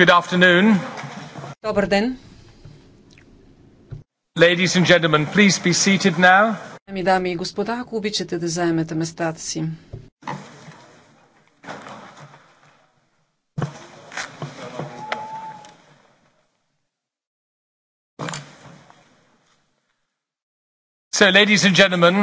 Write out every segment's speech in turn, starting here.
Good afternoon. Добър ден. Ladies and gentlemen, please be seated now. Ами, дами и господа, ако обичате да заемете местата си. So, ladies and gentlemen,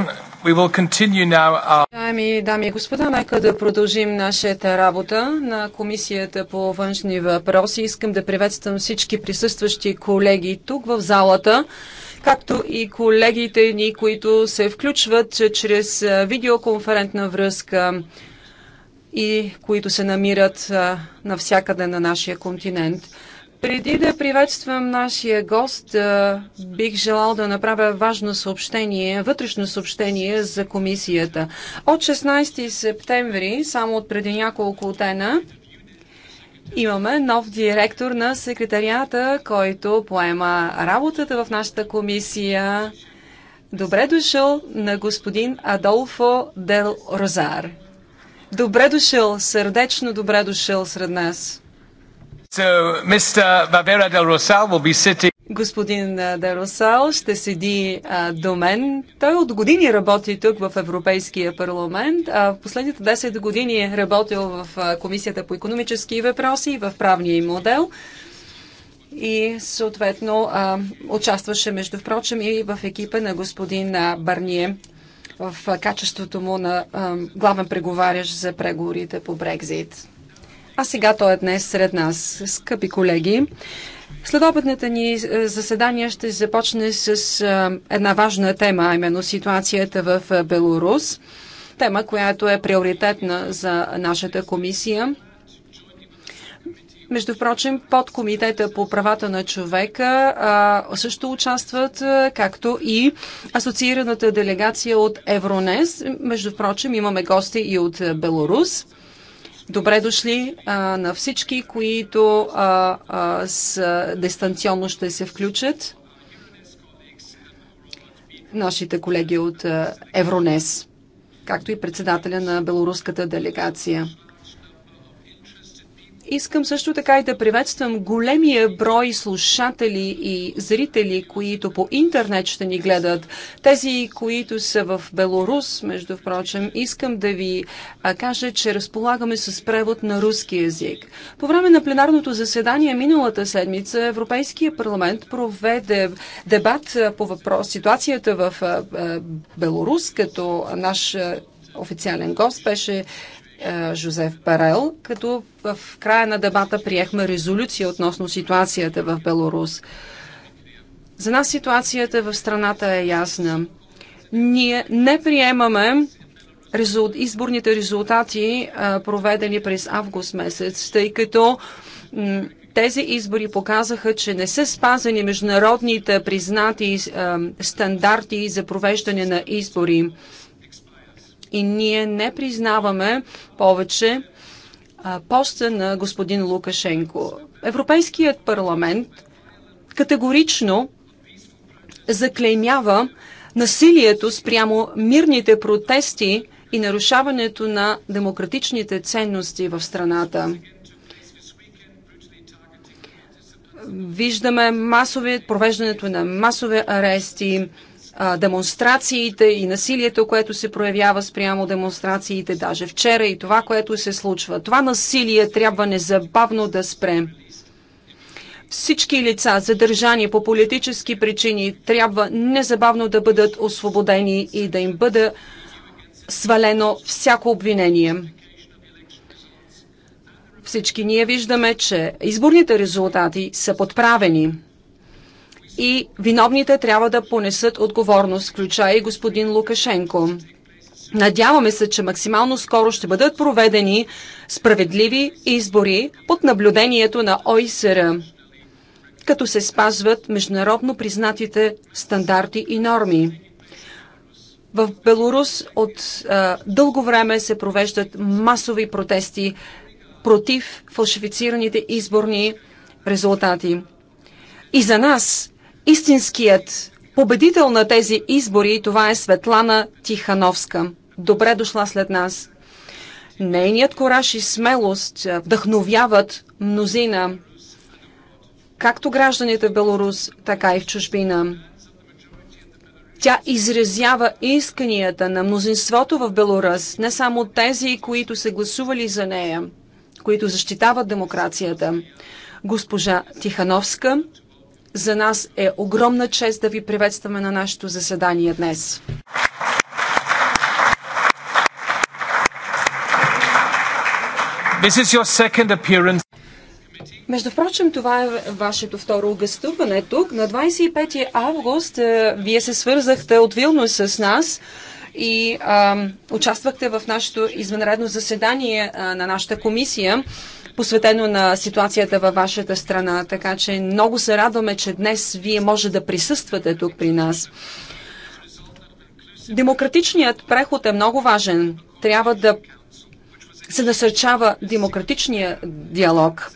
we will continue now our... Дами, дами и господа, нека да продължим нашата работа на Комисията по външни въпроси. Искам да приветствам всички присъстващи колеги тук в залата, както и колегите ни, които се включват чрез видеоконферентна връзка и които се намират навсякъде на нашия континент. Преди да приветствам нашия гост, бих желал да направя важно съобщение, вътрешно съобщение за комисията. От 16 септември, само от преди няколко дена, Имаме нов директор на секретарията, който поема работата в нашата комисия. Добре дошъл на господин Адолфо Дел Розар. Добре дошъл, сърдечно добре дошъл сред нас. Господин Деросал ще седи а, до мен. Той от години работи тук в Европейския парламент. А в последните 10 години е работил в Комисията по економически въпроси и в правния им модел. И съответно а, участваше, между впрочем, и в екипа на господин Барние в качеството му на главен преговарящ за преговорите по Брекзит. А сега той е днес сред нас. Скъпи колеги, Следобедната ни е, заседание ще започне с е, една важна тема, а именно ситуацията в е, Беларус. Тема, която е приоритетна за нашата комисия. Между прочим, под Комитета по правата на човека а, също участват, а, както и асоциираната делегация от Евронес. Между прочим, имаме гости и от Беларус. Добре дошли а, на всички, които а, а, с, дистанционно ще се включат. Нашите колеги от Евронес, както и председателя на белоруската делегация. Искам също така и да приветствам големия брой слушатели и зрители, които по интернет ще ни гледат. Тези, които са в Белорус, между впрочем, искам да ви кажа, че разполагаме с превод на руски язик. По време на пленарното заседание миналата седмица Европейския парламент проведе дебат по въпрос ситуацията в Белорус, като наш официален гост беше е, Жозеф Парел, като в края на дебата приехме резолюция относно ситуацията в Беларус. За нас ситуацията в страната е ясна. Ние не приемаме резул... изборните резултати, е, проведени през август месец, тъй като тези избори показаха, че не са спазени международните признати е, стандарти за провеждане на избори и ние не признаваме повече поста на господин Лукашенко. Европейският парламент категорично заклеймява насилието спрямо мирните протести и нарушаването на демократичните ценности в страната. Виждаме масови, провеждането на масови арести, а, демонстрациите и насилието, което се проявява спрямо демонстрациите, даже вчера и това, което се случва. Това насилие трябва незабавно да спре. Всички лица, задържани по политически причини, трябва незабавно да бъдат освободени и да им бъде свалено всяко обвинение. Всички ние виждаме, че изборните резултати са подправени и виновните трябва да понесат отговорност, включая и господин Лукашенко. Надяваме се, че максимално скоро ще бъдат проведени справедливи избори под наблюдението на ОИСР, като се спазват международно признатите стандарти и норми. В Беларус от а, дълго време се провеждат масови протести против фалшифицираните изборни резултати. И за нас истинският победител на тези избори, това е Светлана Тихановска. Добре дошла след нас. Нейният кораж и смелост вдъхновяват мнозина, както гражданите в Беларус, така и в чужбина. Тя изразява исканията на мнозинството в Беларус, не само тези, които са гласували за нея, които защитават демокрацията. Госпожа Тихановска за нас е огромна чест да ви приветстваме на нашето заседание днес. This is your second appearance. Между прочим, това е вашето второ гъстуване тук. На 25 август е, вие се свързахте от Вилно с нас и а, участвахте в нашето извънредно заседание а, на нашата комисия посветено на ситуацията във вашата страна. Така че много се радваме, че днес вие може да присъствате тук при нас. Демократичният преход е много важен. Трябва да се насърчава демократичния диалог.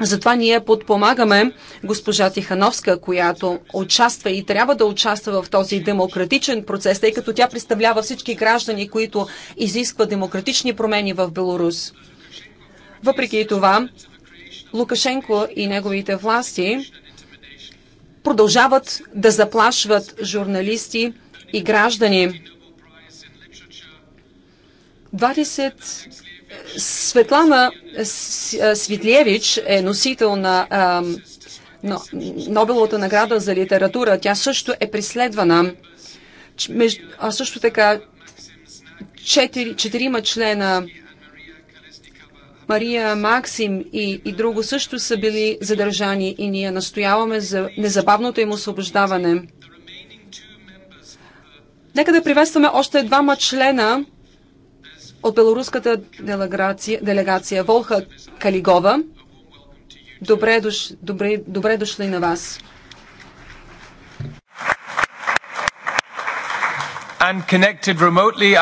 Затова ние подпомагаме госпожа Тихановска, която участва и трябва да участва в този демократичен процес, тъй като тя представлява всички граждани, които изискват демократични промени в Беларус. Въпреки това, Лукашенко и неговите власти продължават да заплашват журналисти и граждани. 20... Светлана Светлевич е носител на а, Нобеловата награда за литература. Тя също е преследвана. А също така четирима члена Мария Максим и, и друго също са били задържани и ние настояваме за незабавното им освобождаване. Нека да приветстваме още двама члена от белоруската делегация, делегация Волха Калигова. Добре, дош, добре, добре дошли на вас. Remotely,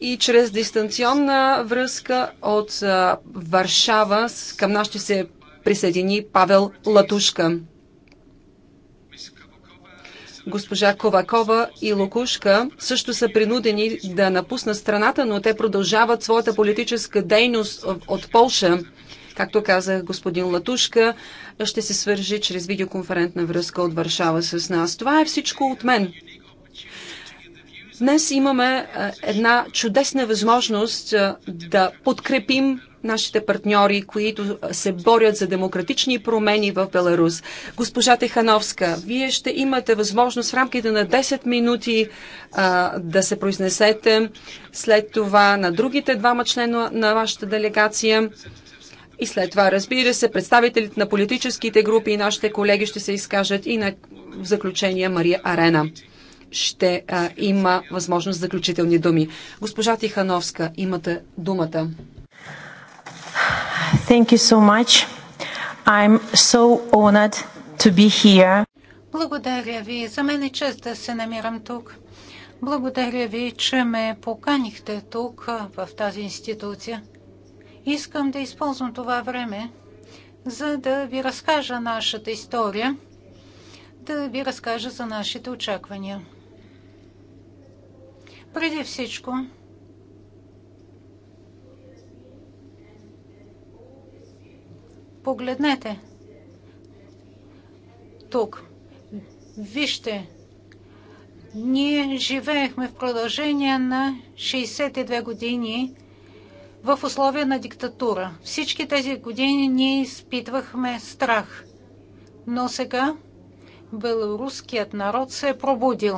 И чрез дистанционна връзка от Варшава към нас ще се присъедини Павел Латушка. Госпожа Ковакова и Лукушка също са принудени да напуснат страната, но те продължават своята политическа дейност от Полша. Както каза господин Латушка, ще се свържи чрез видеоконферентна връзка от Варшава с нас. Това е всичко от мен. Днес имаме е, една чудесна възможност е, да подкрепим нашите партньори, които е, се борят за демократични промени в Беларус. Госпожа Техановска, вие ще имате възможност в рамките на 10 минути а, да се произнесете след това на другите двама члена на вашата делегация. И след това, разбира се, представителите на политическите групи и нашите колеги ще се изкажат и на, в заключение Мария Арена ще а, има възможност за заключителни думи. Госпожа Тихановска, имате думата. Thank you so much. I'm so honored to be here. Благодаря ви. За мен е чест да се намирам тук. Благодаря ви, че ме поканихте тук, в тази институция. Искам да използвам това време, за да ви разкажа нашата история, да ви разкажа за нашите очаквания. Преди всичко, погледнете тук. Вижте, ние живеехме в продължение на 62 години в условия на диктатура. Всички тези години ние изпитвахме страх. Но сега белоруският народ се е пробудил.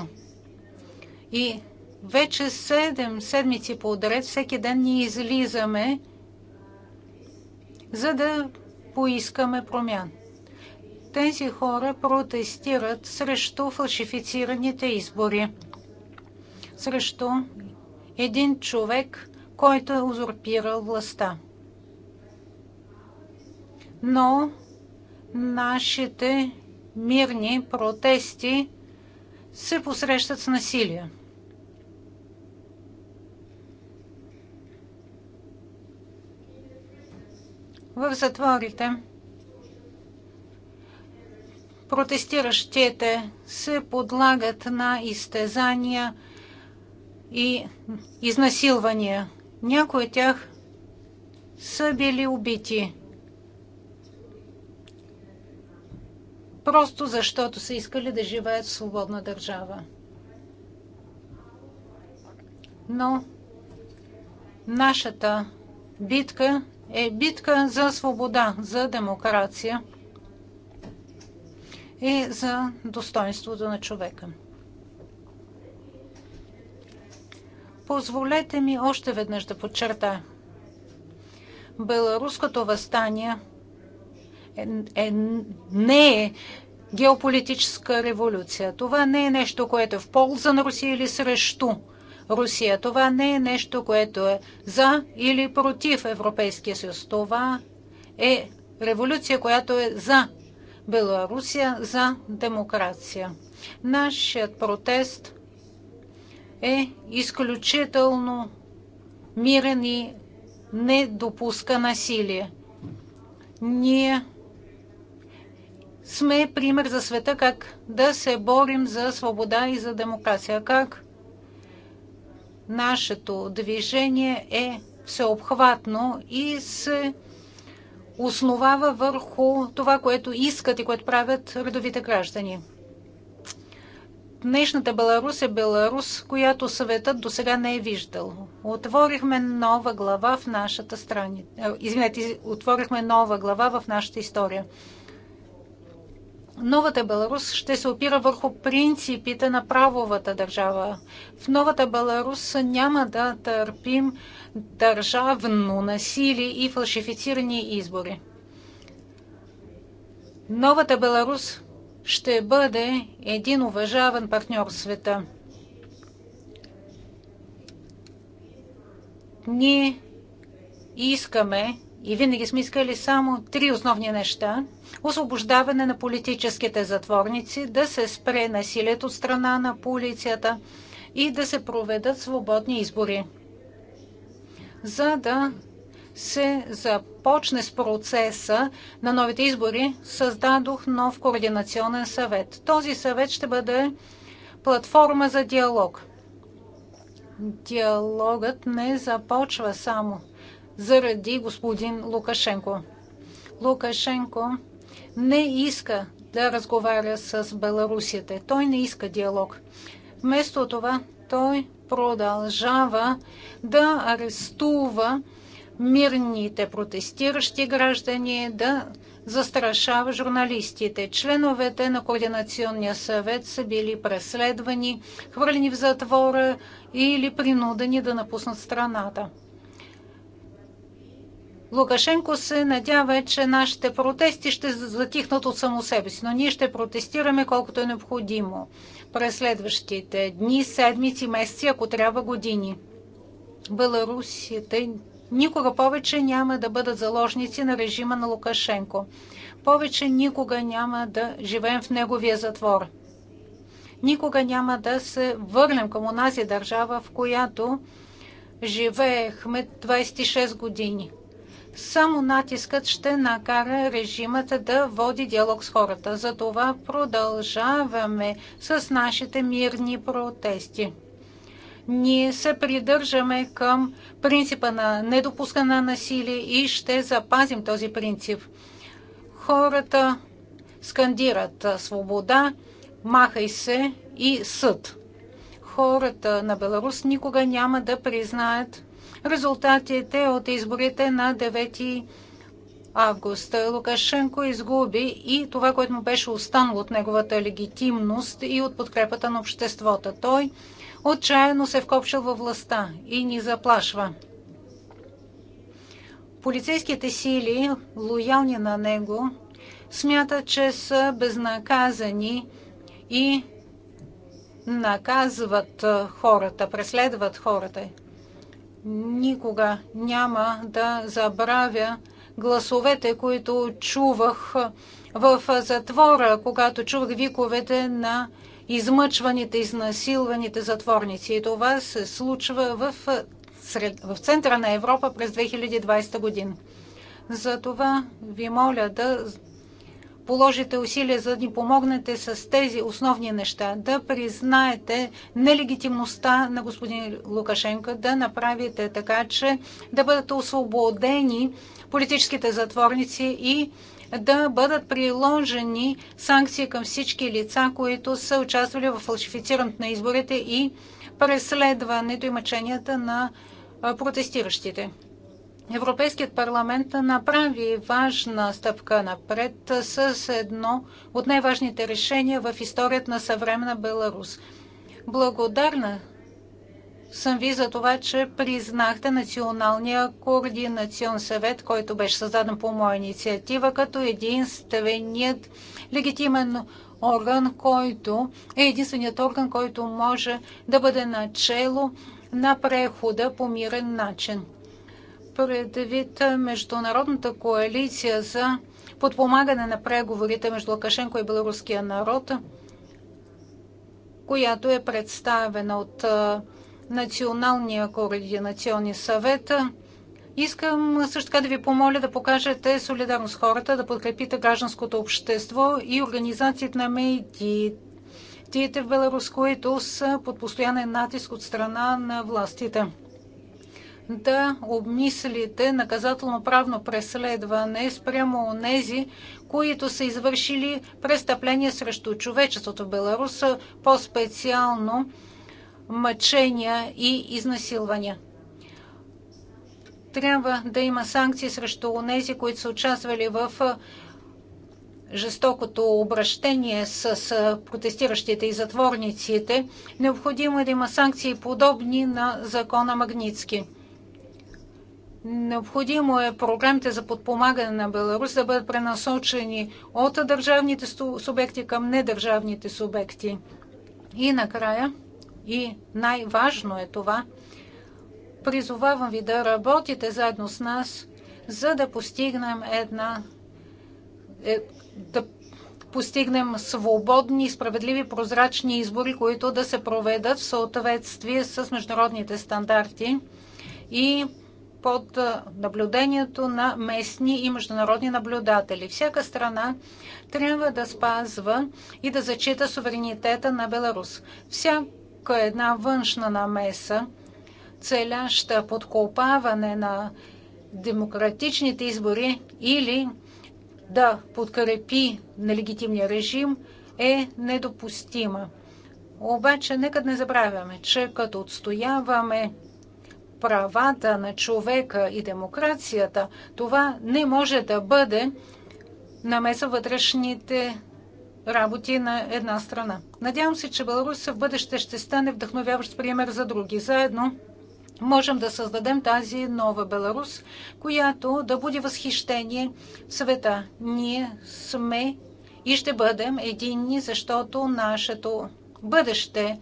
И вече 7 седмици по подред всеки ден ние излизаме, за да поискаме промян. Тези хора протестират срещу фалшифицираните избори, срещу един човек, който е узурпирал властта. Но нашите мирни протести се посрещат с насилие. в затворите. Протестиращите се подлагат на изтезания и изнасилвания. Някои от тях са били убити. Просто защото са искали да живеят в свободна държава. Но нашата битка е битка за свобода, за демокрация и за достоинството на човека. Позволете ми още веднъж да подчертая. Беларуското възстание е, е, не е геополитическа революция. Това не е нещо, което е в полза на Русия или срещу Русия. Това не е нещо, което е за или против Европейския съюз. Това е революция, която е за Белорусия, за демокрация. Нашият протест е изключително мирен и не допуска насилие. Ние сме пример за света как да се борим за свобода и за демокрация, как Нашето движение е всеобхватно и се основава върху това, което искат и което правят редовите граждани. Днешната Беларус е Беларус, която съветът до сега не е виждал. Отворихме нова глава в нашата страница. Извинете, отворихме нова глава в нашата история новата Беларус ще се опира върху принципите на правовата държава. В новата Беларус няма да търпим държавно насилие и фалшифицирани избори. Новата Беларус ще бъде един уважаван партньор в света. Ние искаме и винаги сме искали само три основни неща – освобождаване на политическите затворници, да се спре насилието от страна на полицията и да се проведат свободни избори. За да се започне с процеса на новите избори, създадох нов координационен съвет. Този съвет ще бъде платформа за диалог. Диалогът не започва само заради господин Лукашенко. Лукашенко не иска да разговаря с Беларусите. Той не иска диалог. Вместо това той продължава да арестува мирните протестиращи граждани, да застрашава журналистите. Членовете на Координационния съвет са били преследвани, хвърлени в затвора или принудени да напуснат страната. Лукашенко се надява, че нашите протести ще затихнат от само себе си, но ние ще протестираме колкото е необходимо през следващите дни, седмици, месеци, ако трябва години. Беларусите никога повече няма да бъдат заложници на режима на Лукашенко. Повече никога няма да живеем в неговия затвор. Никога няма да се върнем към онази държава, в която живеехме 26 години. Само натискът ще накара режимата да води диалог с хората. Затова продължаваме с нашите мирни протести. Ние се придържаме към принципа на недопускане на насилие и ще запазим този принцип. Хората скандират свобода, махай се и съд. Хората на Беларус никога няма да признаят резултатите от изборите на 9 август. Лукашенко изгуби и това, което му беше останало от неговата легитимност и от подкрепата на обществото. Той отчаяно се вкопчил във властта и ни заплашва. Полицейските сили, лоялни на него, смятат, че са безнаказани и наказват хората, преследват хората никога няма да забравя гласовете, които чувах в затвора, когато чувах виковете на измъчваните, изнасилваните затворници. И това се случва в, в центъра на Европа през 2020 година. Затова ви моля да положите усилия, за да ни помогнете с тези основни неща, да признаете нелегитимността на господин Лукашенко, да направите така, че да бъдат освободени политическите затворници и да бъдат приложени санкции към всички лица, които са участвали в фалшифицирането на изборите и преследването и мъченията на протестиращите. Европейският парламент направи важна стъпка напред с едно от най-важните решения в историята на съвременна Беларус. Благодарна съм ви за това, че признахте Националния координационен съвет, който беше създаден по моя инициатива, като единственият легитимен орган, който е единственият орган, който може да бъде начало на прехода по мирен начин предвид Международната коалиция за подпомагане на преговорите между Лукашенко и белоруския народ, която е представена от Националния координационни съвет. Искам също така да ви помоля да покажете солидарност хората, да подкрепите гражданското общество и организациите на медиите в Беларус, които са под постоянен натиск от страна на властите да обмислите наказателно-правно преследване спрямо онези, които са извършили престъпления срещу човечеството в Беларус, по-специално мъчения и изнасилвания. Трябва да има санкции срещу онези, които са участвали в жестокото обращение с протестиращите и затворниците. Необходимо е да има санкции подобни на закона Магницки. Необходимо е програмите за подпомагане на Беларус да бъдат пренасочени от държавните субекти към недържавните субекти. И накрая, и най-важно е това, призовавам ви да работите заедно с нас, за да постигнем една е, да постигнем свободни, справедливи, прозрачни избори, които да се проведат в съответствие с международните стандарти и под наблюдението на местни и международни наблюдатели. Всяка страна трябва да спазва и да зачита суверенитета на Беларус. Всяка една външна намеса, целяща подкопаване на демократичните избори или да подкрепи нелегитимния режим, е недопустима. Обаче, нека не забравяме, че като отстояваме правата на човека и демокрацията, това не може да бъде намеса вътрешните работи на една страна. Надявам се, че Беларус в бъдеще ще стане вдъхновяващ пример за други. Заедно можем да създадем тази нова Беларус, която да буди възхищение в света. Ние сме и ще бъдем единни, защото нашето бъдеще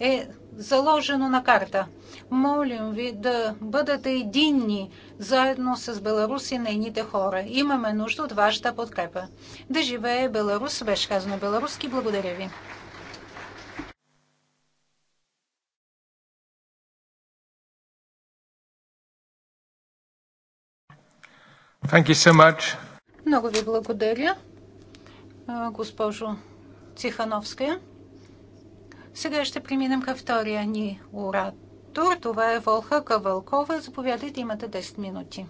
е заложено на карта. Молим ви да бъдете единни заедно с Беларус и нейните хора. Имаме нужда от вашата подкрепа. Да живее Беларус, беше казано беларуски. Благодаря ви. Thank you so much. Много ви благодаря, госпожо Цихановска. Сега ще преминем към втория ни урад тур. Това е Волха Кавалкова. Заповядайте, имате 10 минути.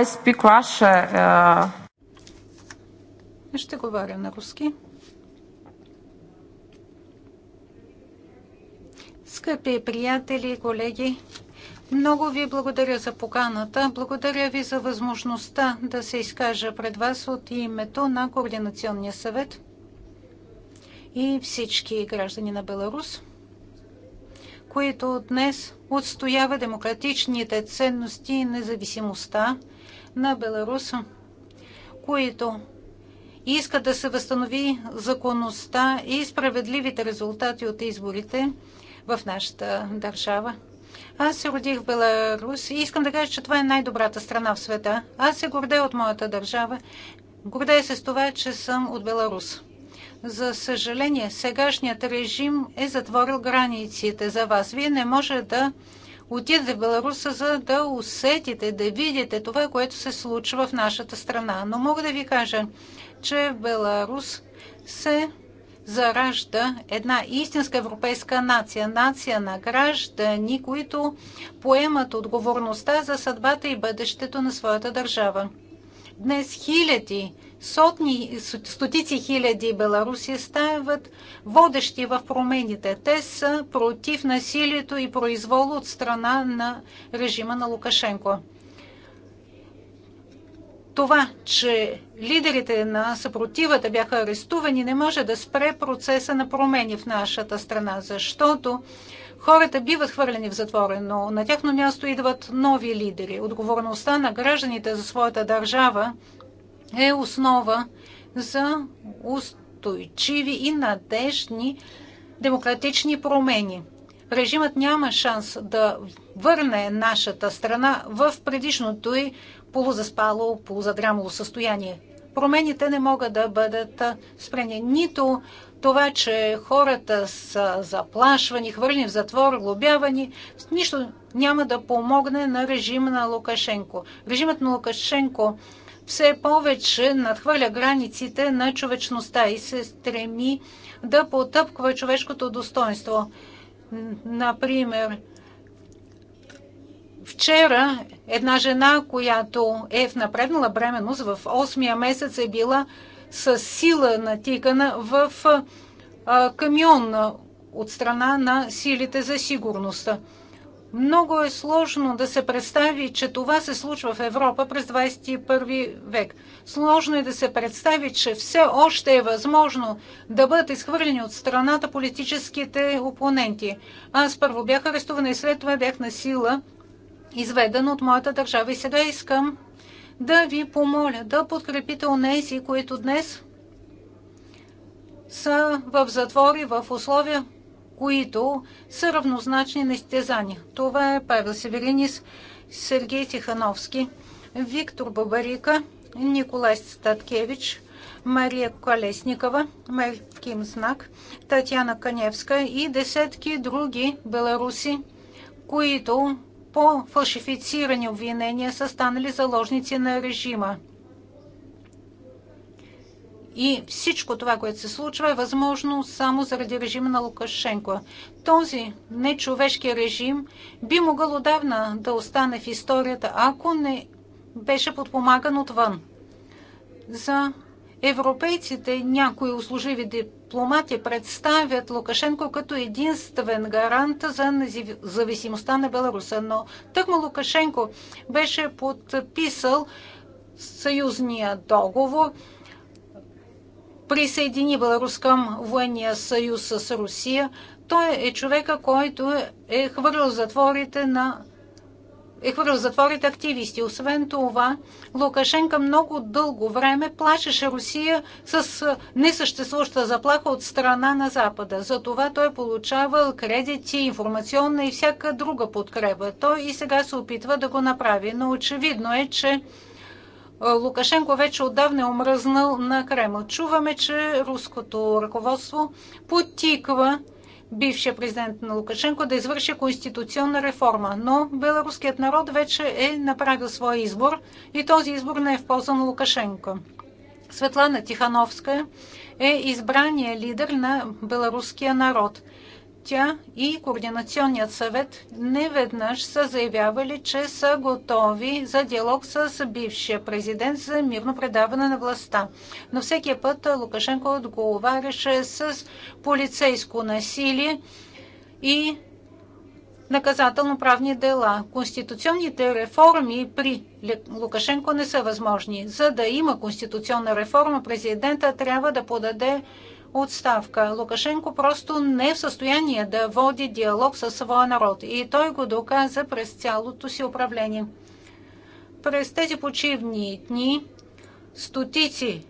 I speak Russia. Uh, Ще говоря на руски. Скъпи приятели и колеги, много ви благодаря за поканата. Благодаря ви за възможността да се изкажа пред вас от името на Координационния съвет и всички граждани на Беларус, които днес отстоява демократичните ценности и независимостта на Беларус, които искат да се възстанови законността и справедливите резултати от изборите в нашата държава. Аз се родих в Беларус и искам да кажа, че това е най-добрата страна в света. Аз се гордея от моята държава. Гордея се с това, че съм от Беларус. За съжаление, сегашният режим е затворил границите за вас. Вие не може да отидете в Беларуса, за да усетите, да видите това, което се случва в нашата страна. Но мога да ви кажа, че в Беларус се заражда една истинска европейска нация, нация на граждани, които поемат отговорността за съдбата и бъдещето на своята държава. Днес хиляди, сотни, стотици хиляди беларуси стават водещи в промените. Те са против насилието и произвол от страна на режима на Лукашенко. Това, че лидерите на съпротивата бяха арестувани, не може да спре процеса на промени в нашата страна, защото хората биват хвърлени в затвора, но на тяхно място идват нови лидери. Отговорността на гражданите за своята държава е основа за устойчиви и надежни демократични промени. Режимът няма шанс да върне нашата страна в предишното й полузаспало, полузадрямало състояние. Промените не могат да бъдат спрени. Нито това, че хората са заплашвани, хвърлени в затвор, глобявани, нищо няма да помогне на режима на Лукашенко. Режимът на Лукашенко все повече надхвърля границите на човечността и се стреми да потъпква човешкото достоинство. Например, Вчера една жена, която е в напреднала бременност в 8-я месец е била с сила натикана в камион от страна на силите за сигурността. Много е сложно да се представи, че това се случва в Европа през 21 век. Сложно е да се представи, че все още е възможно да бъдат изхвърлени от страната политическите опоненти. Аз първо бях арестувана и след това бях на сила изведен от моята държава. И сега искам да ви помоля да подкрепите онези, които днес са в затвори в условия, които са равнозначни на изтезания. Това е Павел Северинис, Сергей Тихановски, Виктор Бабарика, Николай Статкевич, Мария Колесникова, Мерким Знак, Татьяна Каневска и десетки други беларуси, които по фалшифицирани обвинения са станали заложници на режима. И всичко това, което се случва, е възможно само заради режима на Лукашенко. Този нечовешки режим би могъл отдавна да остане в историята, ако не беше подпомаган отвън. За европейците, някои услужливи дипломати представят Лукашенко като единствен гарант за независимостта на Беларуса. Но тъкмо Лукашенко беше подписал съюзния договор, присъедини Беларус към военния съюз с Русия. Той е човека, който е хвърлил затворите на е затворите активисти. Освен това, Лукашенко много дълго време плашеше Русия с несъществуваща заплаха от страна на Запада. Затова той получавал кредити, информационна и всяка друга подкрепа. Той и сега се опитва да го направи, но очевидно е, че Лукашенко вече отдавна е омръзнал на Кремъл. Чуваме, че руското ръководство потиква бившия президент на Лукашенко да извърши конституционна реформа. Но беларуският народ вече е направил своя избор и този избор не е в полза на Лукашенко. Светлана Тихановска е избрания лидер на беларуския народ – тя и Координационният съвет неведнъж са заявявали, че са готови за диалог с бившия президент за мирно предаване на властта. Но всеки път Лукашенко отговаряше с полицейско насилие и наказателно-правни дела. Конституционните реформи при Лукашенко не са възможни. За да има конституционна реформа, президента трябва да подаде отставка. Лукашенко просто не е в състояние да води диалог със своя народ и той го доказа през цялото си управление. През тези почивни дни стотици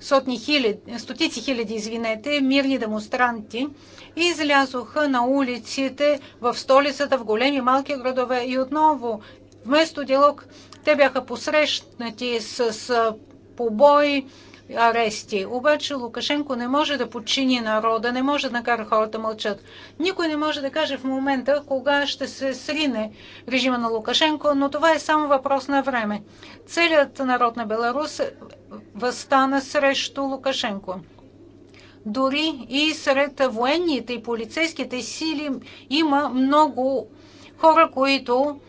сотни хиляди, стотици хиляди, извинете, мирни демонстранти излязоха на улиците в столицата, в големи малки градове и отново вместо диалог те бяха посрещнати с побои, арести. Обаче Лукашенко не може да подчини народа, не може да накара хората мълчат. Никой не може да каже в момента кога ще се срине режима на Лукашенко, но това е само въпрос на време. Целият народ на Беларус възстана срещу Лукашенко. Дори и сред военните и полицейските сили има много хора, които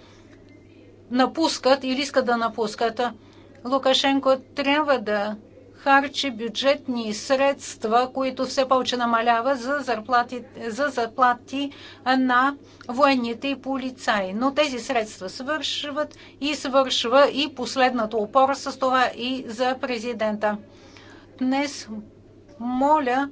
напускат или искат да напускат. Лукашенко трябва да харчи бюджетни средства, които все повече намалява за заплати, за заплати на военните и полицаи. Но тези средства свършват и свършва и последната опора с това и за президента. Днес моля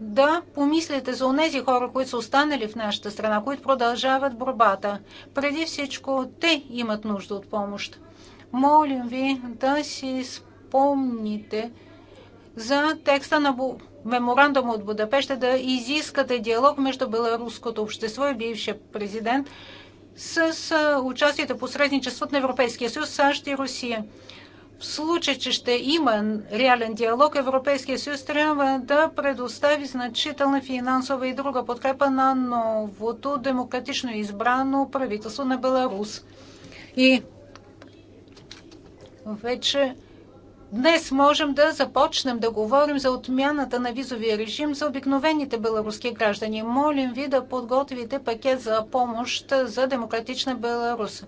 да помислите за онези хора, които са останали в нашата страна, които продължават борбата. Преди всичко те имат нужда от помощ. Молим ви да си спомните за текста на меморандум от Будапеща да изискате диалог между беларуското общество и бившия президент с участието посредничеството на Европейския съюз, САЩ и Русия. В случай, че ще има реален диалог, Европейския съюз трябва да предостави значителна финансова и друга подкрепа на новото демократично избрано правителство на Беларус. И вече Днес можем да започнем да говорим за отмяната на визовия режим за обикновените беларуски граждани. Молим ви да подготвите пакет за помощ за демократична Беларус.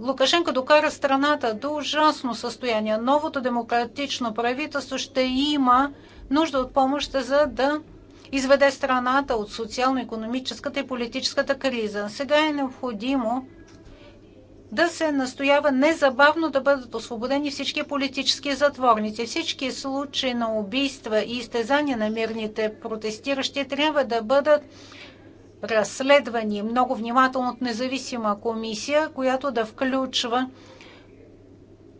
Лукашенко докара страната до ужасно състояние. Новото демократично правителство ще има нужда от помощ, за да изведе страната от социално-економическата и политическата криза. Сега е необходимо да се настоява незабавно да бъдат освободени всички политически затворници. Всички случаи на убийства и изтезания на мирните протестиращи трябва да бъдат разследвани много внимателно от независима комисия, която да включва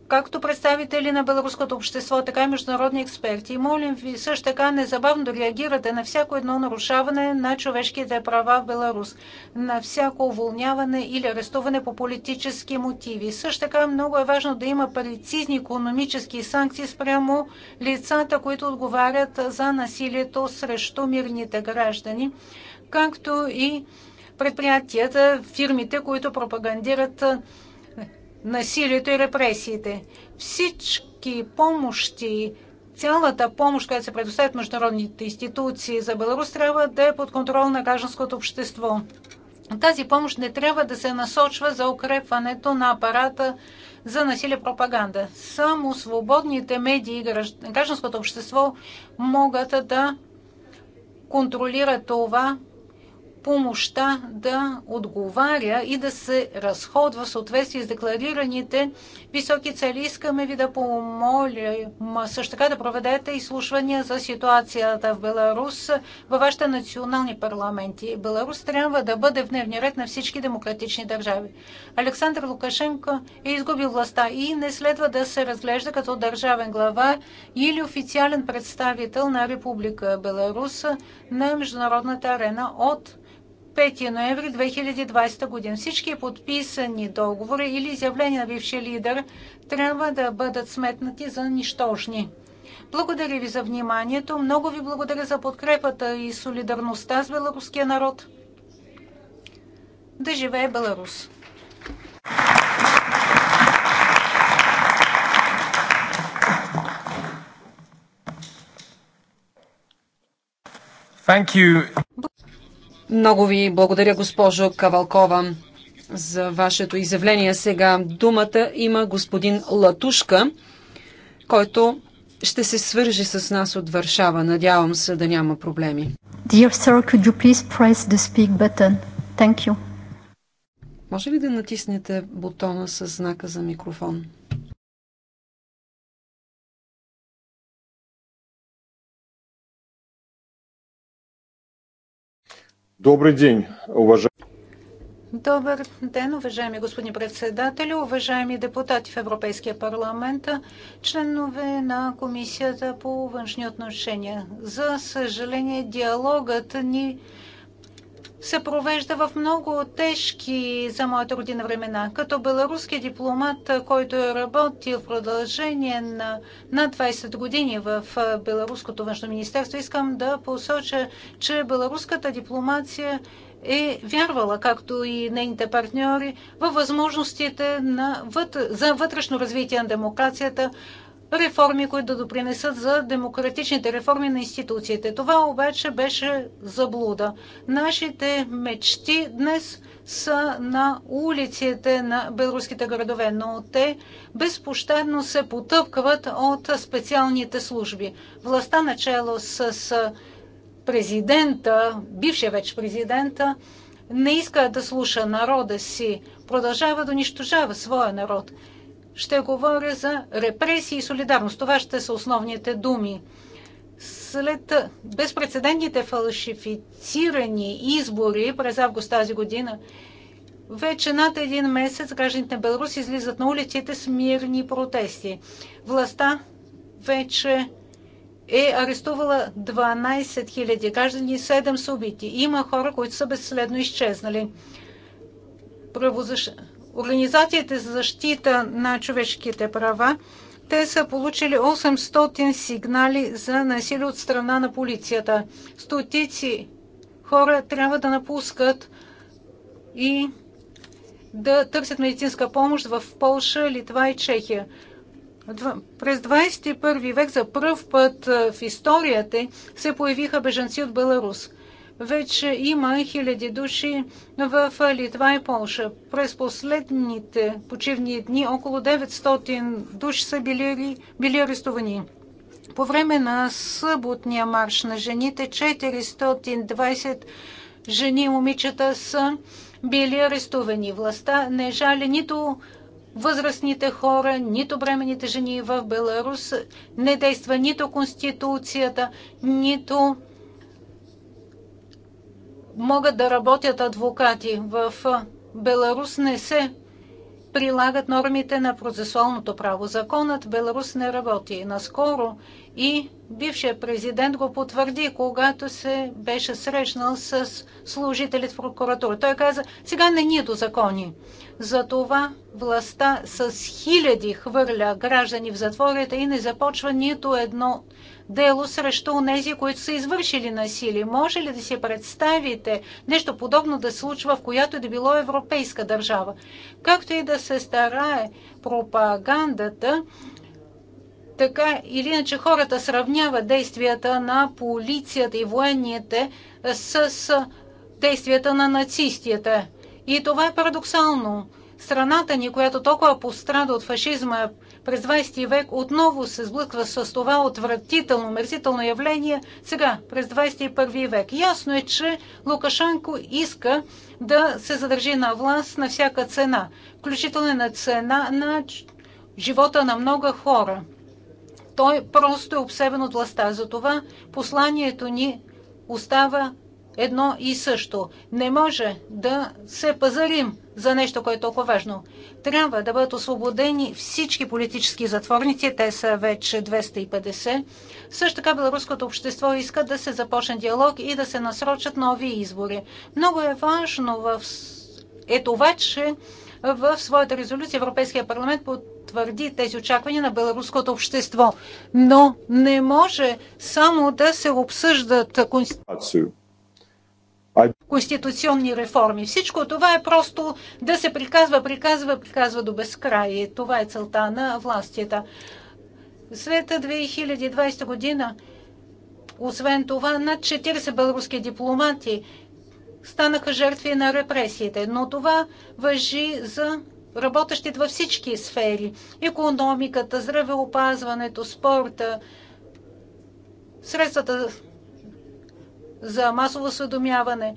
както представители на българското общество, така и международни експерти. И молим ви също така незабавно да реагирате на всяко едно нарушаване на човешките права в Беларус, на всяко уволняване или арестуване по политически мотиви. Също така много е важно да има прецизни економически санкции спрямо лицата, които отговарят за насилието срещу мирните граждани, както и предприятията, фирмите, които пропагандират насилието и репресиите. Всички помощи, цялата помощ, която се предоставят международните институции за Беларус, трябва да е под контрол на гражданското общество. Тази помощ не трябва да се насочва за укрепването на апарата за насилие пропаганда. Само свободните медии и гражданското общество могат да контролират това, помощта да отговаря и да се разходва в съответствие с декларираните високи цели. Искаме ви да помолим също така да проведете изслушвания за ситуацията в Беларус във вашите национални парламенти. Беларус трябва да бъде в дневния ред на всички демократични държави. Александър Лукашенко е изгубил властта и не следва да се разглежда като държавен глава или официален представител на Република Беларус на международната арена от 5 ноември 2020 година. Всички подписани договори или изявления на бившия лидер трябва да бъдат сметнати за нищожни. Благодаря ви за вниманието. Много ви благодаря за подкрепата и солидарността с белоруския народ. Да живее Беларус! Thank you. Много ви благодаря, госпожо Кавалкова, за вашето изявление. Сега думата има господин Латушка, който ще се свържи с нас от Варшава. Надявам се да няма проблеми. Dear sir, could you please press the speak button? Thank you. Може ли да натиснете бутона с знака за микрофон? Добрый день, уважаемые. Добър ден, уважаеми господин председател, уважаеми депутати в Европейския парламент, членове на Комисията по външни отношения. За съжаление, диалогът ни се провежда в много тежки за моята родина времена. Като беларуски дипломат, който е работил в продължение на над 20 години в Беларуското външно министерство, искам да посоча, че беларуската дипломация е вярвала, както и нейните партньори, във възможностите на, за вътрешно развитие на демокрацията, реформи, които да допринесат за демократичните реформи на институциите. Това обаче беше заблуда. Нашите мечти днес са на улиците на белорусските градове, но те безпощадно се потъпкват от специалните служби. Властта начало с президента, бившия вече президента, не иска да слуша народа си, продължава да унищожава своя народ ще говоря за репресии и солидарност. Това ще са основните думи. След безпредседентните фалшифицирани избори през август тази година, вече над един месец гражданите на Беларус излизат на улиците с мирни протести. Властта вече е арестувала 12 000 граждани, 7 са убити. Има хора, които са безследно изчезнали организациите за защита на човешките права, те са получили 800 сигнали за насилие от страна на полицията. Стотици хора трябва да напускат и да търсят медицинска помощ в Полша, Литва и Чехия. През 21 век за първ път в историята се появиха беженци от Беларус вече има хиляди души в Литва и Полша. През последните почивни дни около 900 души са били, били арестувани. По време на съботния марш на жените 420 жени и момичета са били арестувани. Властта не жали нито възрастните хора, нито бременните жени в Беларус. Не действа нито Конституцията, нито могат да работят адвокати. В Беларус не се прилагат нормите на процесуалното право. Законът в Беларус не работи. Наскоро и бившият президент го потвърди, когато се беше срещнал с служители в прокуратура. Той каза, сега не ни е до закони. Затова властта с хиляди хвърля граждани в затворите и не започва нито едно дело срещу нези, които са извършили насилие. Може ли да си представите нещо подобно да случва в която да било европейска държава? Както и да се старае пропагандата, така или иначе хората сравняват действията на полицията и военните с действията на нацистите. И това е парадоксално. Страната ни, която толкова пострада от фашизма, е през 20 век отново се сблъсква с това отвратително, мерзително явление сега, през 21 век. Ясно е, че Лукашенко иска да се задържи на власт на всяка цена, включително на цена на живота на много хора. Той просто е обсебен от властта. Затова посланието ни остава едно и също. Не може да се пазарим за нещо, което е толкова важно. Трябва да бъдат освободени всички политически затворници, те са вече 250. Също така белорусското общество иска да се започне диалог и да се насрочат нови избори. Много е важно в... е това, че в своята резолюция Европейския парламент потвърди тези очаквания на белорусското общество. Но не може само да се обсъждат конституции конституционни реформи. Всичко това е просто да се приказва, приказва, приказва до безкрай. това е целта на властите. След 2020 година, освен това, над 40 български дипломати станаха жертви на репресиите. Но това въжи за работещите във всички сфери. Економиката, здравеопазването, спорта, средствата за масово съдомяване.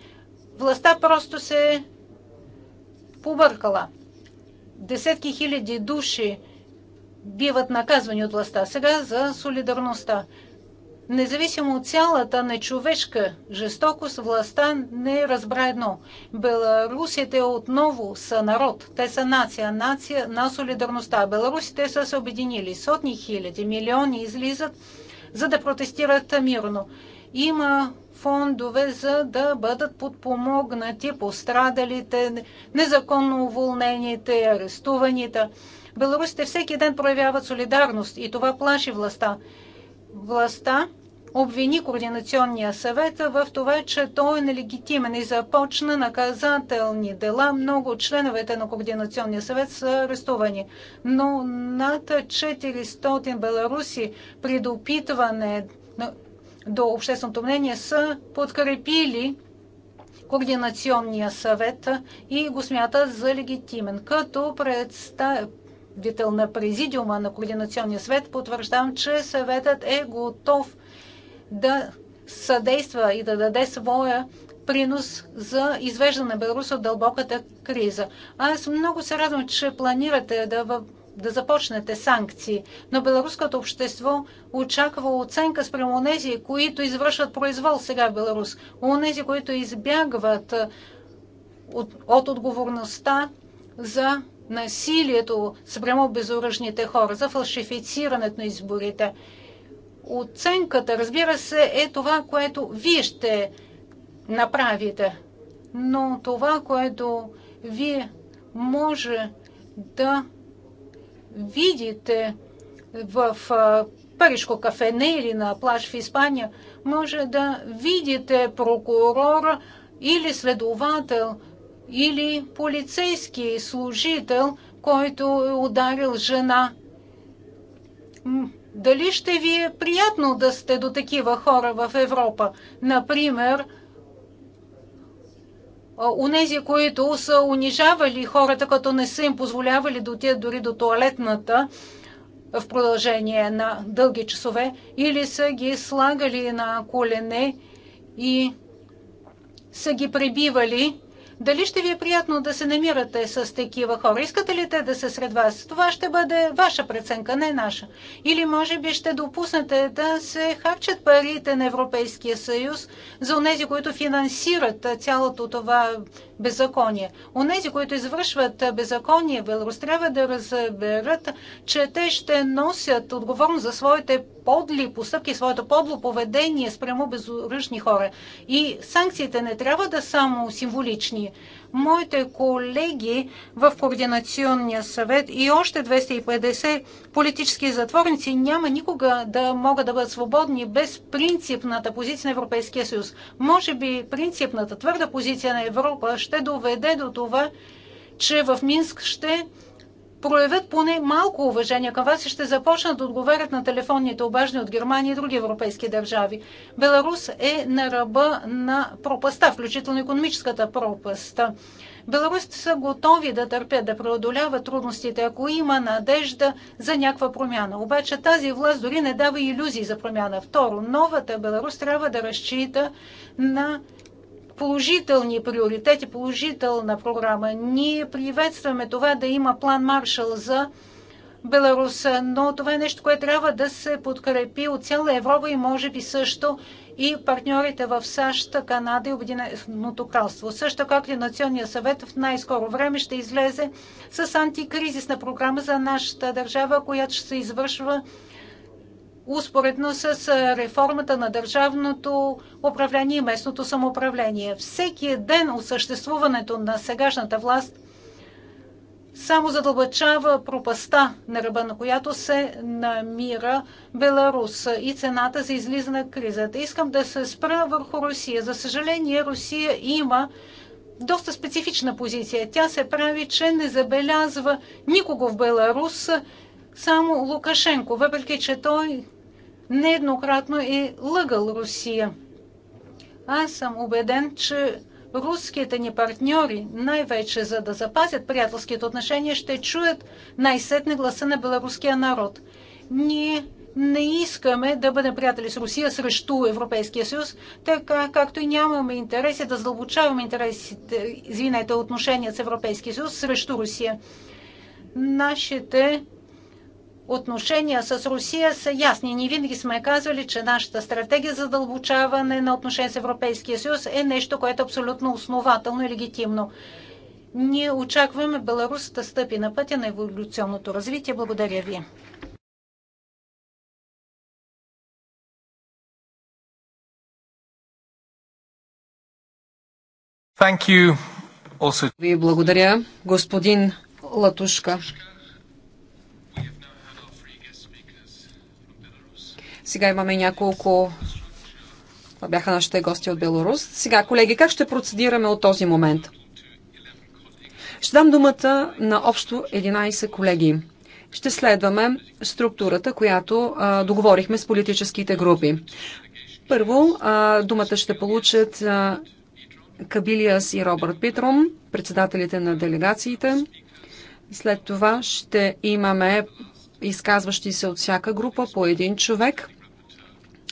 Властта просто се е побъркала. Десетки хиляди души биват наказвани от властта. Сега за солидарността. Независимо от цялата нечовешка жестокост, властта не разбра едно. Беларусите отново са народ. Те са нация, нация на солидарността. Беларусите са се обединили. Сотни хиляди, милиони излизат, за да протестират мирно. Има фондове, за да бъдат подпомогнати пострадалите, незаконно уволнените, арестуваните. Беларусите всеки ден проявяват солидарност и това плаши властта. Властта обвини Координационния съвет в това, че той е нелегитимен и започна наказателни дела. Много от членовете на Координационния съвет са арестувани. Но над 400 беларуси при допитване до общественото мнение са подкрепили Координационния съвет и го смятат за легитимен. Като представител на президиума на Координационния съвет потвърждам, че съветът е готов да съдейства и да даде своя принос за извеждане на Беларус от дълбоката криза. Аз много се радвам, че планирате да да започнете санкции, но белорусското общество очаква оценка спрямо онези, които извършват произвол сега в Беларус, онези, които избягват от, от отговорността за насилието спрямо безоръжните хора, за фалшифицирането на изборите. Оценката, разбира се, е това, което вие ще направите. Но това, което вие може да видите в парижко не или на плаж в Испания, може да видите прокурора или следовател, или полицейски служител, който е ударил жена. Дали ще ви е приятно да сте до такива хора в Европа? Например, унези, които са унижавали хората, като не са им позволявали да отидат дори до туалетната в продължение на дълги часове, или са ги слагали на колене и са ги пребивали дали ще ви е приятно да се намирате с такива хора? Искате ли те да са сред вас? Това ще бъде ваша преценка, не наша. Или може би ще допуснете да се харчат парите на Европейския съюз за онези, които финансират цялото това беззаконие. Онези, които извършват беззаконие в Беларус, трябва да разберат, че те ще носят отговорност за своите подли постъпки, своето подло поведение спрямо безоръжни хора. И санкциите не трябва да са само символични моите колеги в Координационния съвет и още 250 политически затворници няма никога да могат да бъдат свободни без принципната позиция на Европейския съюз. Може би принципната твърда позиция на Европа ще доведе до това, че в Минск ще проявят поне малко уважение към вас и ще започнат да отговарят на телефонните обаждания от Германия и други европейски държави. Беларус е на ръба на пропаста, включително економическата пропаста. Беларусите са готови да търпят, да преодоляват трудностите, ако има надежда за някаква промяна. Обаче тази власт дори не дава иллюзии за промяна. Второ, новата Беларус трябва да разчита на положителни приоритети, положителна програма. Ние приветстваме това да има план Маршал за Беларус, но това е нещо, което трябва да се подкрепи от цяла Европа и може би също и партньорите в САЩ, Канада и Обединеното кралство. Също както и Националния съвет в най-скоро време ще излезе с антикризисна програма за нашата държава, която ще се извършва успоредно с реформата на държавното управление и местното самоуправление. Всеки ден от съществуването на сегашната власт само задълбачава пропаста на ръба, на която се намира Беларус и цената за излизане от кризата. Искам да се спра върху Русия. За съжаление, Русия има доста специфична позиция. Тя се прави, че не забелязва никого в Беларус, само Лукашенко, въпреки че той нееднократно е лъгал Русия. Аз съм убеден, че руските ни партньори, най-вече за да запазят приятелските отношения, ще чуят най-сетне гласа на беларуския народ. Ние не искаме да бъдем приятели с Русия срещу Европейския съюз, така както и нямаме интереси да задълбочаваме интересите, извинете, отношения с Европейския съюз срещу Русия. Нашите отношения с Русия са ясни. Ние винаги сме казвали, че нашата стратегия за дълбочаване на отношения с Европейския съюз е нещо, което е абсолютно основателно и легитимно. Ние очакваме Беларус да стъпи на пътя на еволюционното развитие. Благодаря ви. Thank you. Also... Ви благодаря, господин Латушка. Сега имаме няколко. Това бяха нашите гости от Беларус. Сега, колеги, как ще процедираме от този момент? Ще дам думата на общо 11 колеги. Ще следваме структурата, която а, договорихме с политическите групи. Първо, а, думата ще получат а, Кабилиас и Робърт Питрум, председателите на делегациите. След това ще имаме изказващи се от всяка група по един човек.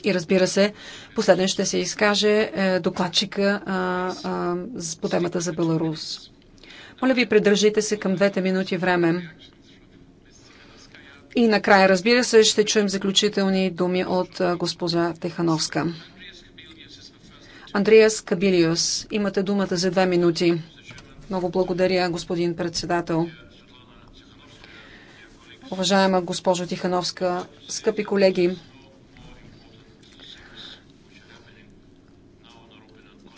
И разбира се, последен ще се изкаже е, докладчика по темата за Беларус. Моля ви, придържите се към двете минути време. И накрая, разбира се, ще чуем заключителни думи от госпожа Техановска. Андреас Кабилиус, имате думата за две минути. Много благодаря, господин председател. Уважаема госпожо Тихановска, скъпи колеги,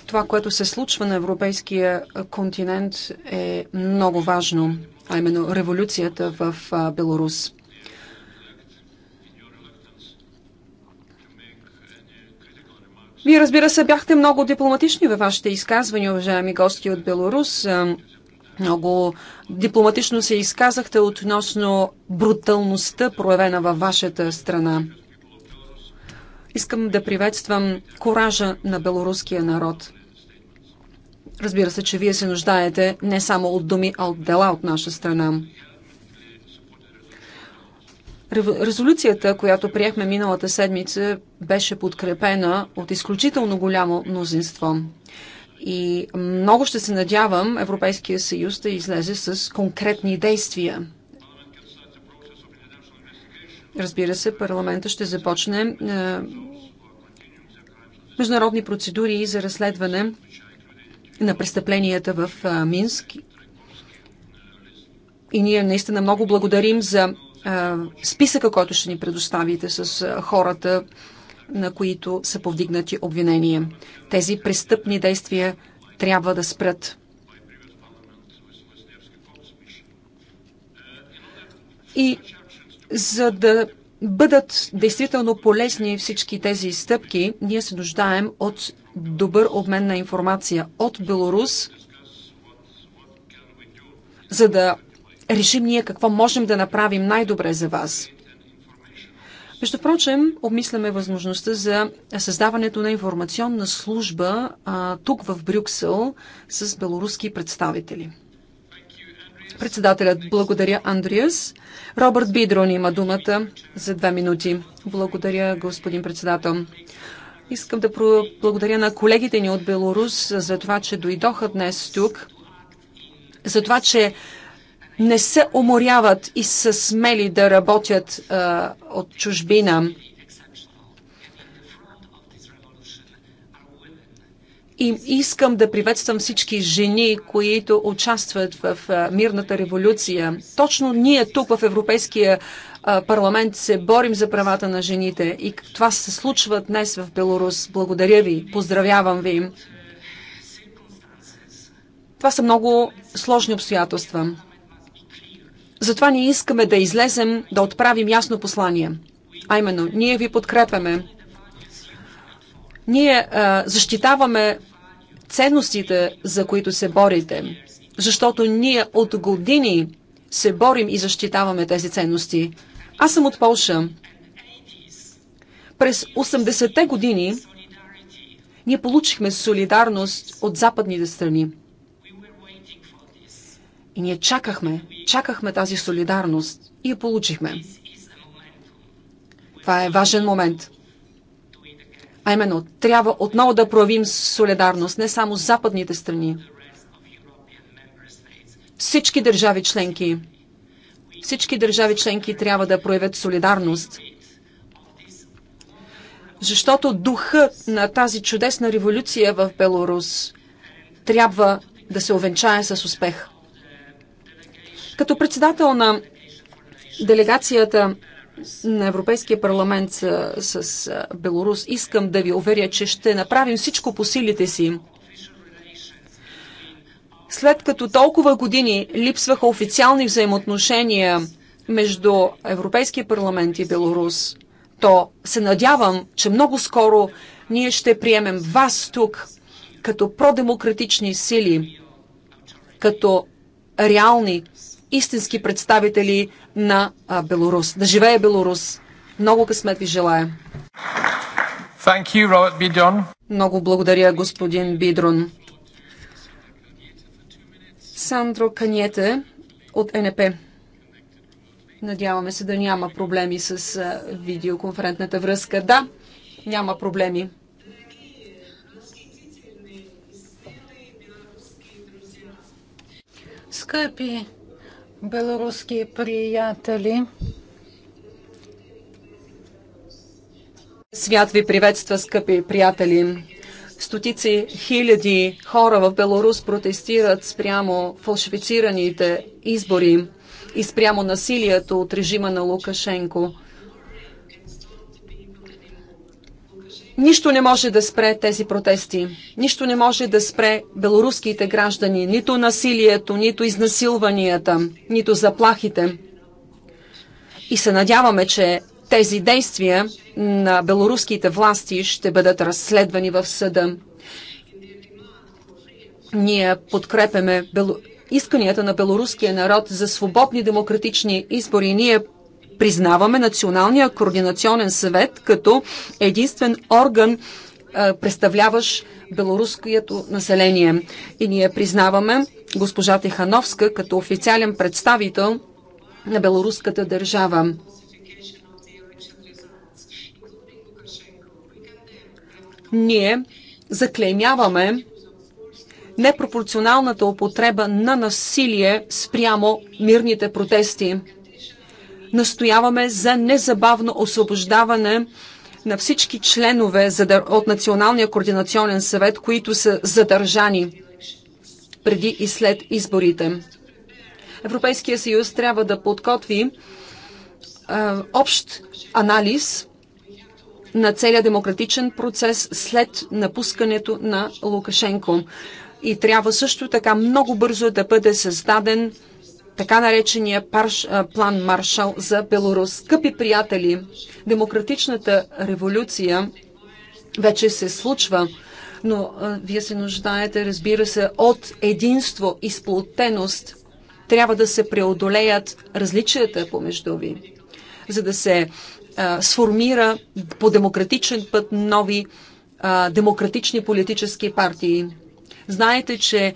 това, което се случва на европейския континент е много важно, а именно революцията в Беларус. Вие, разбира се, бяхте много дипломатични във вашите изказвания, уважаеми гости от Беларус. Много дипломатично се изказахте относно бруталността, проявена във вашата страна. Искам да приветствам коража на белоруския народ. Разбира се, че вие се нуждаете не само от думи, а от дела от наша страна. Резолюцията, която приехме миналата седмица, беше подкрепена от изключително голямо мнозинство. И много ще се надявам Европейския съюз да излезе с конкретни действия. Разбира се, парламента ще започне е, международни процедури за разследване на престъпленията в Минск. И ние наистина много благодарим за списъка, който ще ни предоставите с хората, на които са повдигнати обвинения. Тези престъпни действия трябва да спрат. И за да бъдат действително полезни всички тези стъпки, ние се нуждаем от добър обмен на информация от Беларус, за да решим ние какво можем да направим най-добре за вас. Между прочим, обмисляме възможността за създаването на информационна служба а, тук в Брюксел с белоруски представители. Председателят благодаря Андриас. Робърт Бидрон има думата за две минути. Благодаря, господин председател. Искам да благодаря на колегите ни от Беларус за това, че дойдоха днес тук, за това, че не се уморяват и са смели да работят а, от чужбина. И искам да приветствам всички жени, които участват в мирната революция. Точно ние тук в Европейския парламент се борим за правата на жените и това се случва днес в Беларус. Благодаря ви, поздравявам ви. Това са много сложни обстоятелства. Затова ние искаме да излезем, да отправим ясно послание. А именно, ние ви подкрепяме. Ние а, защитаваме ценностите, за които се борите, защото ние от години се борим и защитаваме тези ценности. Аз съм от Полша. През 80-те години ние получихме солидарност от западните страни. И ние чакахме, чакахме тази солидарност и я получихме. Това е важен момент. А именно, трябва отново да проявим солидарност не само с западните страни, всички държави членки – всички държави членки трябва да проявят солидарност. Защото духът на тази чудесна революция в Беларус трябва да се овенчае с успех. Като председател на делегацията на Европейския парламент с, с Беларус, искам да ви уверя, че ще направим всичко по силите си след като толкова години липсваха официални взаимоотношения между Европейския парламент и Беларус, то се надявам, че много скоро ние ще приемем вас тук като продемократични сили, като реални, истински представители на Беларус. Да живее Беларус! Много късмет ви желая! Thank you, Robert Bidon. Много благодаря, господин Бидрон. Сандро Каньете от НП. Надяваме се да няма проблеми с видеоконферентната връзка. Да, няма проблеми. Скъпи белоруски приятели, Свят ви приветства, скъпи приятели! Стотици хиляди хора в Беларус протестират спрямо фалшифицираните избори и спрямо насилието от режима на Лукашенко. Нищо не може да спре тези протести. Нищо не може да спре белоруските граждани. Нито насилието, нито изнасилванията, нито заплахите. И се надяваме, че тези действия на белоруските власти ще бъдат разследвани в съда. Ние подкрепяме исканията на белоруския народ за свободни демократични избори. Ние признаваме Националния координационен съвет като единствен орган, представляващ белоруското население. И ние признаваме госпожа Тихановска като официален представител на белоруската държава. ние заклеймяваме непропорционалната употреба на насилие спрямо мирните протести. Настояваме за незабавно освобождаване на всички членове от Националния координационен съвет, които са задържани преди и след изборите. Европейския съюз трябва да подготви общ анализ на целия демократичен процес след напускането на Лукашенко. И трябва също така много бързо да бъде създаден така наречения парш, план Маршал за Беларус. Скъпи приятели, демократичната революция вече се случва, но а, вие се нуждаете, разбира се, от единство и сплотеност. Трябва да се преодолеят различията помежду ви, за да се сформира по демократичен път нови демократични политически партии. Знаете, че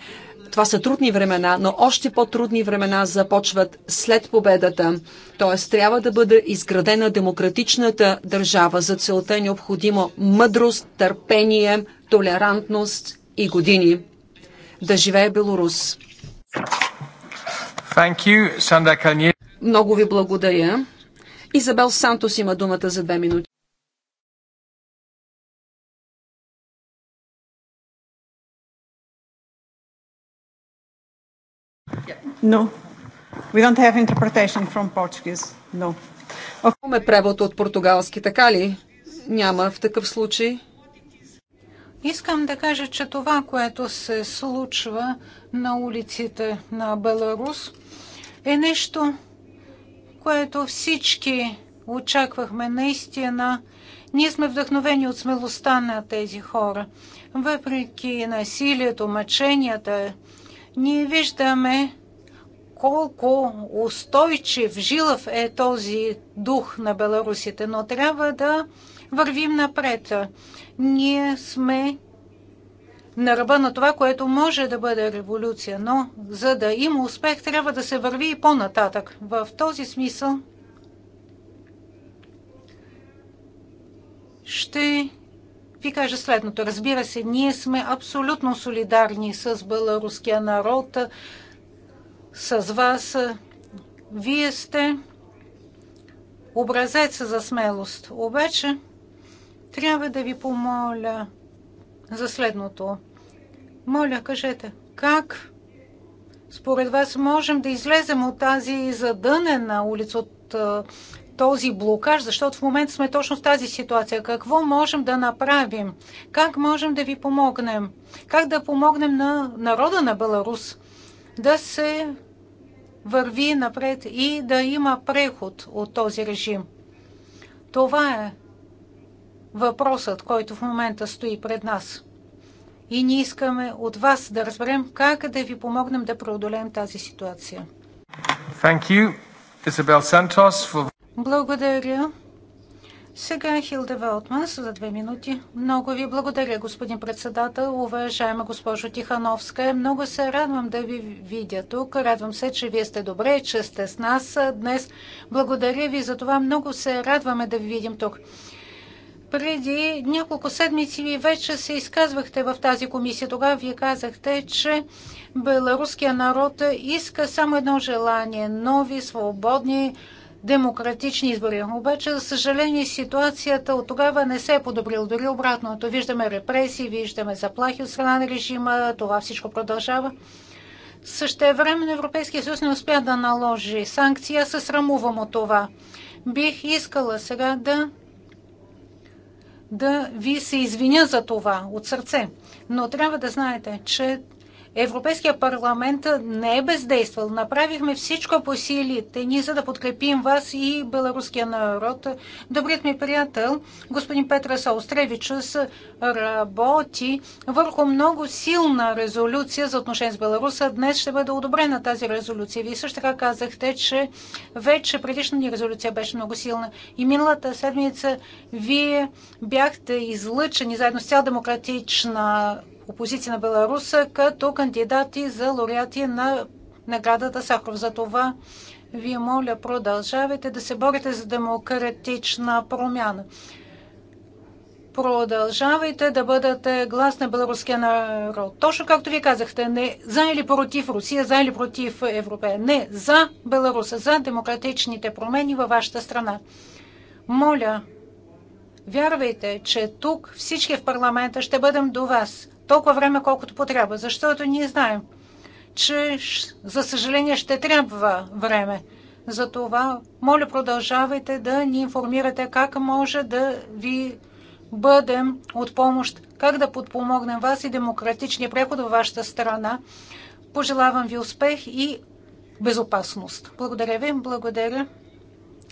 това са трудни времена, но още по-трудни времена започват след победата. Т.е. трябва да бъде изградена демократичната държава. За целта е необходимо мъдрост, търпение, толерантност и години. Да живее Белорус! Много ви благодаря. Изабел Сантос има думата за две минути. No. We don't have interpretation from Portuguese. No. Okay. Ме превод от португалски, така ли? Няма в такъв случай. Искам да кажа, че това, което се случва на улиците на Беларус, е нещо което всички очаквахме наистина. Ние сме вдъхновени от смелостта на тези хора. Въпреки насилието, мъченията, ние виждаме колко устойчив, жилъв е този дух на беларусите, но трябва да вървим напред. Ние сме на ръба на това, което може да бъде революция, но за да има успех, трябва да се върви и по-нататък. В този смисъл ще ви кажа следното. Разбира се, ние сме абсолютно солидарни с българския народ, с вас. Вие сте образец за смелост. Обаче, трябва да ви помоля за следното. Моля, кажете, как според вас можем да излезем от тази задънена улица, от този блокаж, защото в момента сме точно в тази ситуация. Какво можем да направим? Как можем да ви помогнем? Как да помогнем на народа на Беларус да се върви напред и да има преход от този режим? Това е въпросът, който в момента стои пред нас. И ние искаме от вас да разберем как да ви помогнем да преодолеем тази ситуация. Thank you, Isabel Santos, for... Благодаря. Сега Хилда Велтманс за две минути. Много ви благодаря, господин председател. Уважаема госпожо Тихановска, много се радвам да ви видя тук. Радвам се, че вие сте добре, че сте с нас днес. Благодаря ви за това. Много се радваме да ви видим тук преди няколко седмици вече се изказвахте в тази комисия. Тогава вие казахте, че беларуския народ иска само едно желание – нови, свободни, демократични избори. Обаче, за съжаление, ситуацията от тогава не се е подобрила. Дори обратното. Виждаме репресии, виждаме заплахи от страна на режима. Това всичко продължава. Същевременно Европейския съюз не успя да наложи санкции. Аз се срамувам от това. Бих искала сега да да ви се извиня за това от сърце. Но трябва да знаете, че Европейския парламент не е бездействал. Направихме всичко по силите ни, за да подкрепим вас и беларуския народ. Добрият ми приятел, господин Петра Аустревич, работи върху много силна резолюция за отношение с Беларуса. Днес ще бъде одобрена тази резолюция. Вие също така казахте, че вече предишната ни резолюция беше много силна. И миналата седмица вие бяхте излъчени заедно с цял демократична опозиция на Беларус като кандидати за лауреати на наградата Сахаров. За това ви моля, продължавайте да се борите за демократична промяна. Продължавайте да бъдете глас на беларуския народ. Точно както ви казахте, не за или против Русия, за или против Европея. Не, за Беларуса, за демократичните промени във вашата страна. Моля, вярвайте, че тук всички в парламента ще бъдем до вас толкова време, колкото потреба, защото ние знаем, че за съжаление ще трябва време. Затова, моля, продължавайте да ни информирате как може да ви бъдем от помощ, как да подпомогнем вас и демократичния преход във вашата страна. Пожелавам ви успех и безопасност. Благодаря ви, благодаря.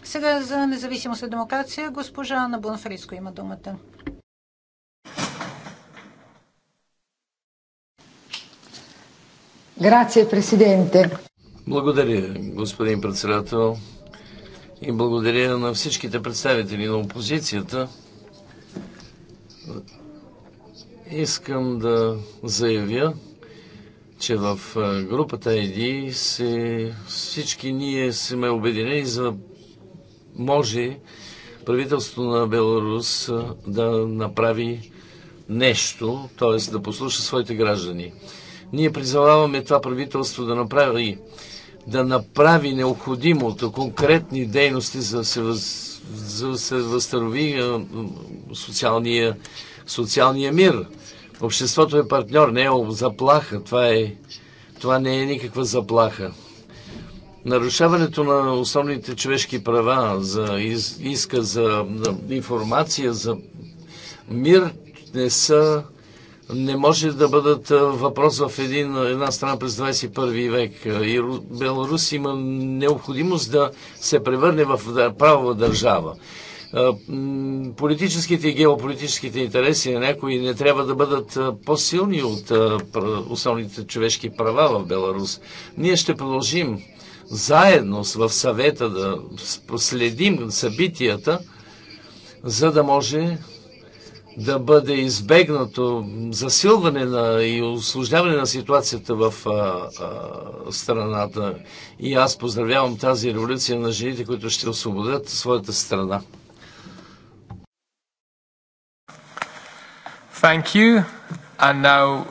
Сега за независимост и демокрация госпожа Анна Бонфриско има думата. Грация, президенте. Благодаря, господин председател. И благодаря на всичките представители на опозицията. Искам да заявя, че в групата ЕДИ се, всички ние сме обединени за може правителството на Беларус да направи нещо, т.е. да послуша своите граждани. Ние призоваваме това правителство да направи, да направи необходимото, конкретни дейности, за да се, въз, за да се възстанови социалния, социалния мир. Обществото е партньор, не е заплаха. Това, е, това не е никаква заплаха. Нарушаването на основните човешки права, за из, иска за информация, за мир не са не може да бъдат въпрос в един, една страна през 21 век. И Беларус има необходимост да се превърне в правова държава. Политическите и геополитическите интереси на някои не трябва да бъдат по-силни от основните човешки права в Беларус. Ние ще продължим заедно в съвета да проследим събитията, за да може да бъде избегнато засилване на и осложняване на ситуацията в а, а, страната. И аз поздравявам тази революция на жените, които ще освободят своята страна. Thank you. And now...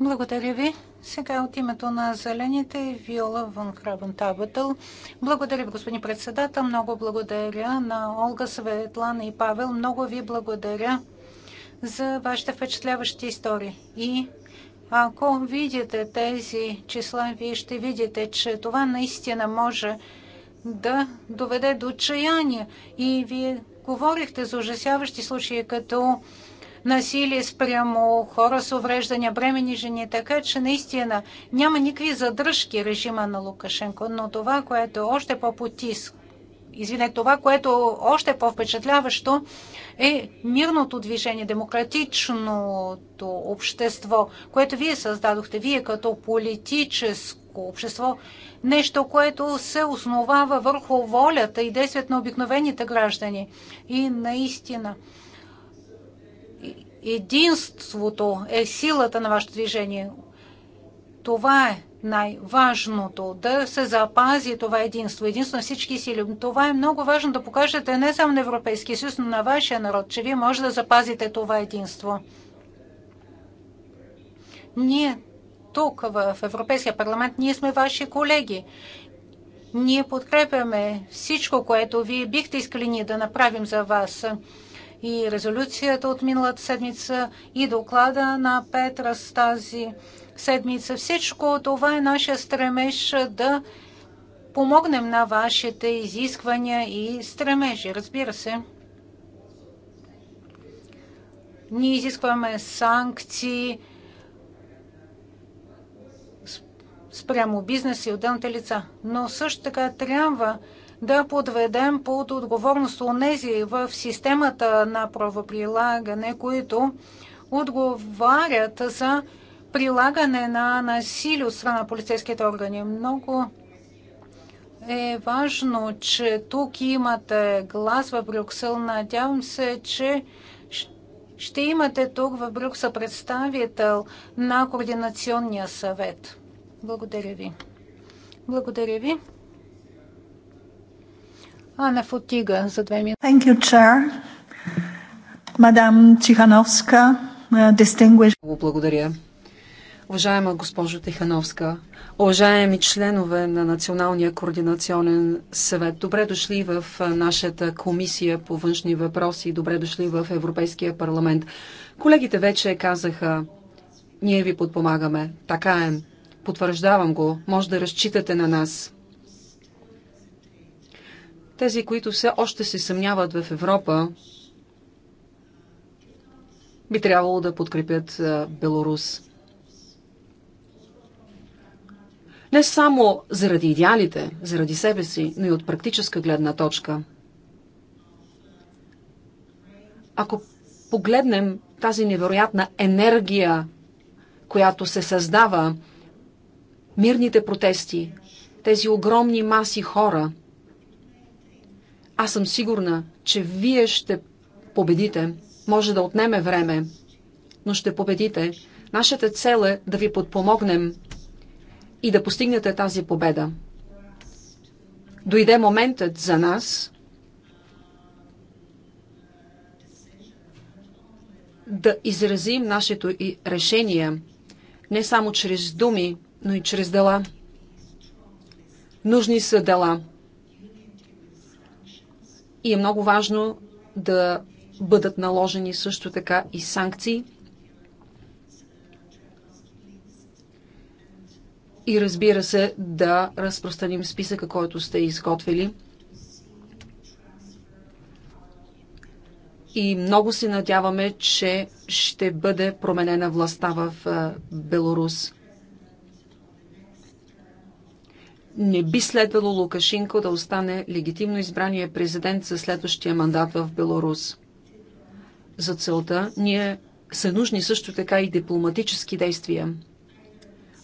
Благодаря ви. Сега от името на зелените и Виола Вън Крабен Табътъл. Благодаря ви, господин председател. Много благодаря на Олга, Светлана и Павел. Много ви благодаря за вашите впечатляващи истории. И ако видите тези числа, вие ще видите, че това наистина може да доведе до отчаяние. И вие говорихте за ужасяващи случаи, като насилие спрямо хора с увреждания, бремени жени, така че наистина няма никакви задръжки режима на Лукашенко. Но това, което е още по-потиск, извине, това, което още е по-впечатляващо, е мирното движение, демократичното общество, което вие създадохте, вие като политическо общество, нещо, което се основава върху волята и действието на обикновените граждани. И наистина, единството е силата на вашето движение. Това е най-важното да се запази това единство. Единствено всички сили. Това е много важно да покажете не само на Европейския съюз, но на вашия народ, че вие може да запазите това единство. Ние тук в Европейския парламент, ние сме ваши колеги. Ние подкрепяме всичко, което вие бихте искали ние да направим за вас. И резолюцията от миналата седмица, и доклада на Петра с тази седмица. Всичко това е нашия стремеж да помогнем на вашите изисквания и стремежи, разбира се. Ние изискваме санкции спрямо бизнеса и отделните лица. Но също така трябва да подведем под отговорност онези в системата на правоприлагане, които отговарят за прилагане на насилие от страна на полицейските органи. Много е важно, че тук имате глас в Брюксел. Надявам се, че ще имате тук в Брюксел представител на Координационния съвет. Благодаря ви. Благодаря ви. Ана Футига за две минути. Thank you, Chair. Мадам Чихановска, uh, distinguished... Благодаря. Уважаема госпожо Тихановска, уважаеми членове на Националния координационен съвет, добре дошли в нашата комисия по външни въпроси, добре дошли в Европейския парламент. Колегите вече казаха, ние ви подпомагаме. Така е. Потвърждавам го. Може да разчитате на нас. Тези, които все още се съмняват в Европа, би трябвало да подкрепят Беларус. Не само заради идеалите, заради себе си, но и от практическа гледна точка. Ако погледнем тази невероятна енергия, която се създава, мирните протести, тези огромни маси хора, аз съм сигурна, че вие ще победите. Може да отнеме време, но ще победите. Нашата цел е да ви подпомогнем – и да постигнете тази победа. Дойде моментът за нас да изразим нашето решение не само чрез думи, но и чрез дела. Нужни са дела. И е много важно да бъдат наложени също така и санкции – и разбира се да разпространим списъка, който сте изготвили. И много се надяваме, че ще бъде променена властта в Беларус. не би следвало Лукашенко да остане легитимно избрания президент за следващия мандат в Беларус. За целта ние са нужни също така и дипломатически действия.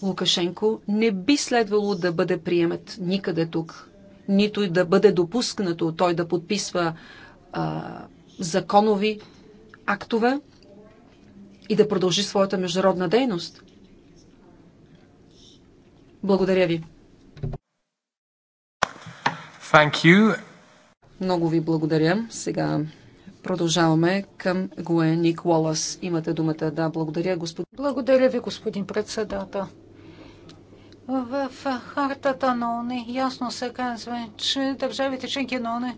Лукашенко не би следвало да бъде приемет никъде тук, нито и да бъде допускнато той да подписва а, законови актове и да продължи своята международна дейност. Благодаря ви. Thank you. Много ви благодаря. Сега Продължаваме към Гуен Ник Уолас. Имате думата. Да, благодаря, господин. Благодаря ви, господин председател. В хартата на ОНЕ ясно се казва, че държавите членки на ОНЕ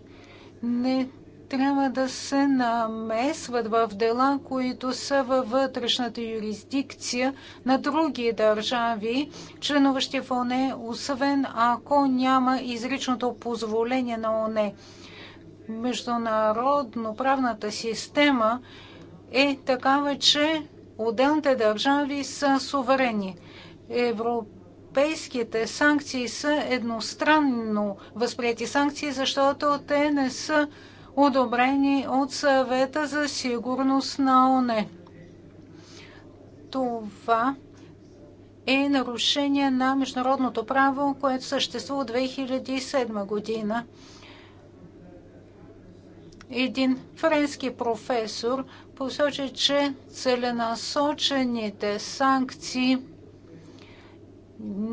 не трябва да се намесват в дела, които са във вътрешната юрисдикция на други държави, членуващи в ОНЕ, освен ако няма изричното позволение на ОНЕ. Международно-правната система е такава, че отделните държави са суверени. Европа европейските санкции са едностранно възприяти санкции, защото те не са одобрени от съвета за сигурност на ОНЕ. Това е нарушение на международното право, което съществува от 2007 година. Един френски професор посочи, че целенасочените санкции –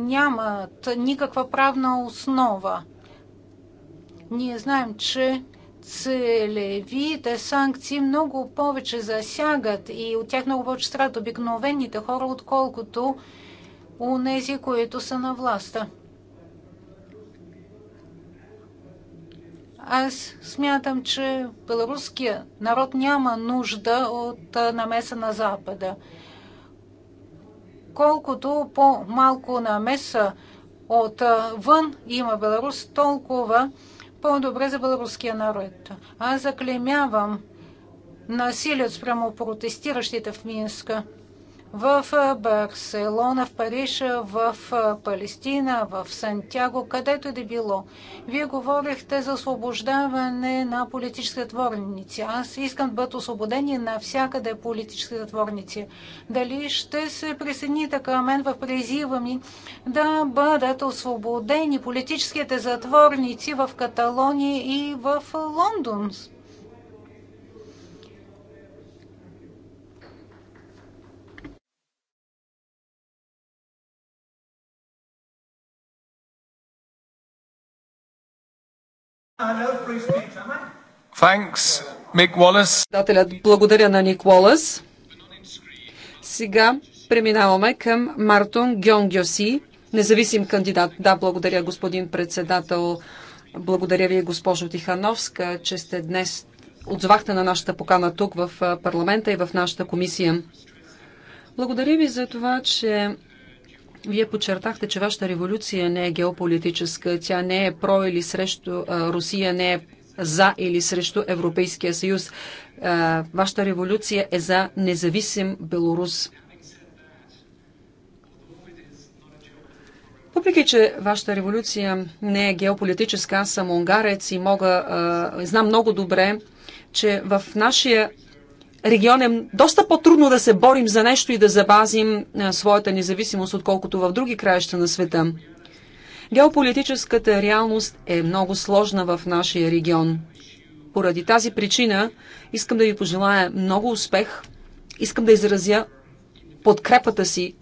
нямат никаква правна основа. Ние знаем, че целевите санкции много повече засягат и от тях много повече страдат обикновените хора, отколкото у нези, които са на властта. Аз смятам, че беларуския народ няма нужда от намеса на Запада колкото по-малко намеса вън има Беларус, толкова по-добре за беларуския народ. Аз заклемявам насилието спрямо протестиращите в Минска в Барселона, в Париж, в Палестина, в Сантяго, където да било. Вие говорихте за освобождаване на политически затворници. Аз искам да бъдат освободени навсякъде политически затворници. Дали ще се присъедините към мен в призива ми да бъдат освободени политическите затворници в Каталония и в Лондон, Thanks, Mick Wallace. Благодаря на Ник Уолъс. Сега преминаваме към Мартон Гьонгьоси, независим кандидат. Да, благодаря, господин председател. Благодаря ви, госпожо Тихановска, че сте днес отзвахте на нашата покана тук в парламента и в нашата комисия. Благодаря ви за това, че вие подчертахте, че вашата революция не е геополитическа, тя не е про или срещу Русия, не е за или срещу Европейския съюз. Вашата революция е за независим Белорус. Въпреки, че вашата революция не е геополитическа, аз съм унгарец и мога, знам много добре, че в нашия регион е доста по-трудно да се борим за нещо и да запазим е, своята независимост, отколкото в други краища на света. Геополитическата реалност е много сложна в нашия регион. Поради тази причина искам да ви пожелая много успех. Искам да изразя подкрепата си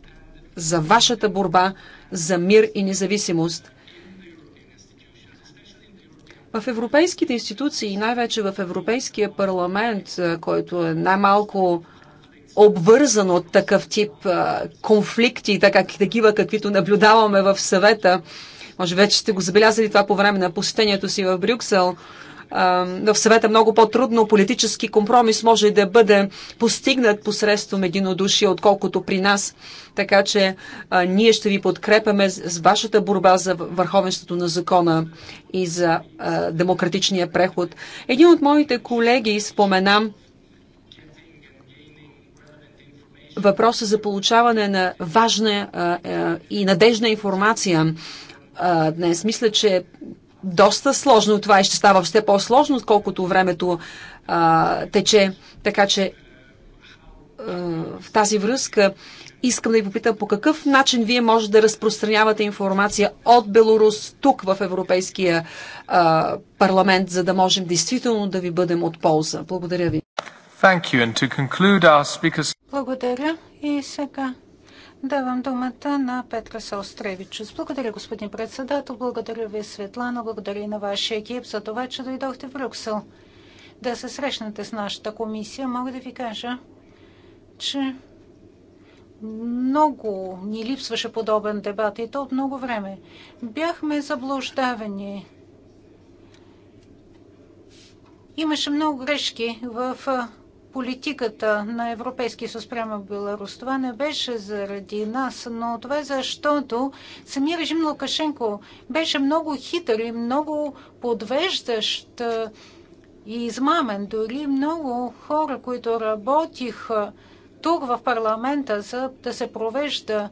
за вашата борба за мир и независимост. В европейските институции, най-вече в Европейския парламент, който е най-малко обвързан от такъв тип конфликти, така, такива каквито наблюдаваме в съвета, може вече сте го забелязали това по време на посетението си в Брюксел, в съвета много по-трудно политически компромис може да бъде постигнат посредством единодушие, отколкото при нас. Така че а, ние ще ви подкрепяме с вашата борба за върховенството на закона и за а, демократичния преход. Един от моите колеги спомена въпроса за получаване на важна а, и надежна информация днес. Мисля, че доста сложно. Това и ще става все по-сложно, отколкото времето а, тече. Така че а, в тази връзка искам да ви попитам по какъв начин вие може да разпространявате информация от Беларус тук в Европейския а, парламент, за да можем действително да ви бъдем от полза. Благодаря ви. Thank you. And to conclude our speakers... Благодаря. И сега Давам думата на Петка Саустревичус. Благодаря, господин председател. Благодаря ви, Светлана. Благодаря и на вашия екип за това, че дойдохте в Брюксел. Да се срещнете с нашата комисия, мога да ви кажа, че много ни липсваше подобен дебат и то от много време. Бяхме заблуждавани. Имаше много грешки в политиката на Европейския съюз прямо в Беларус. Това не беше заради нас, но това е защото самия режим Лукашенко беше много хитър и много подвеждащ и измамен. Дори много хора, които работиха тук в парламента, за да се провежда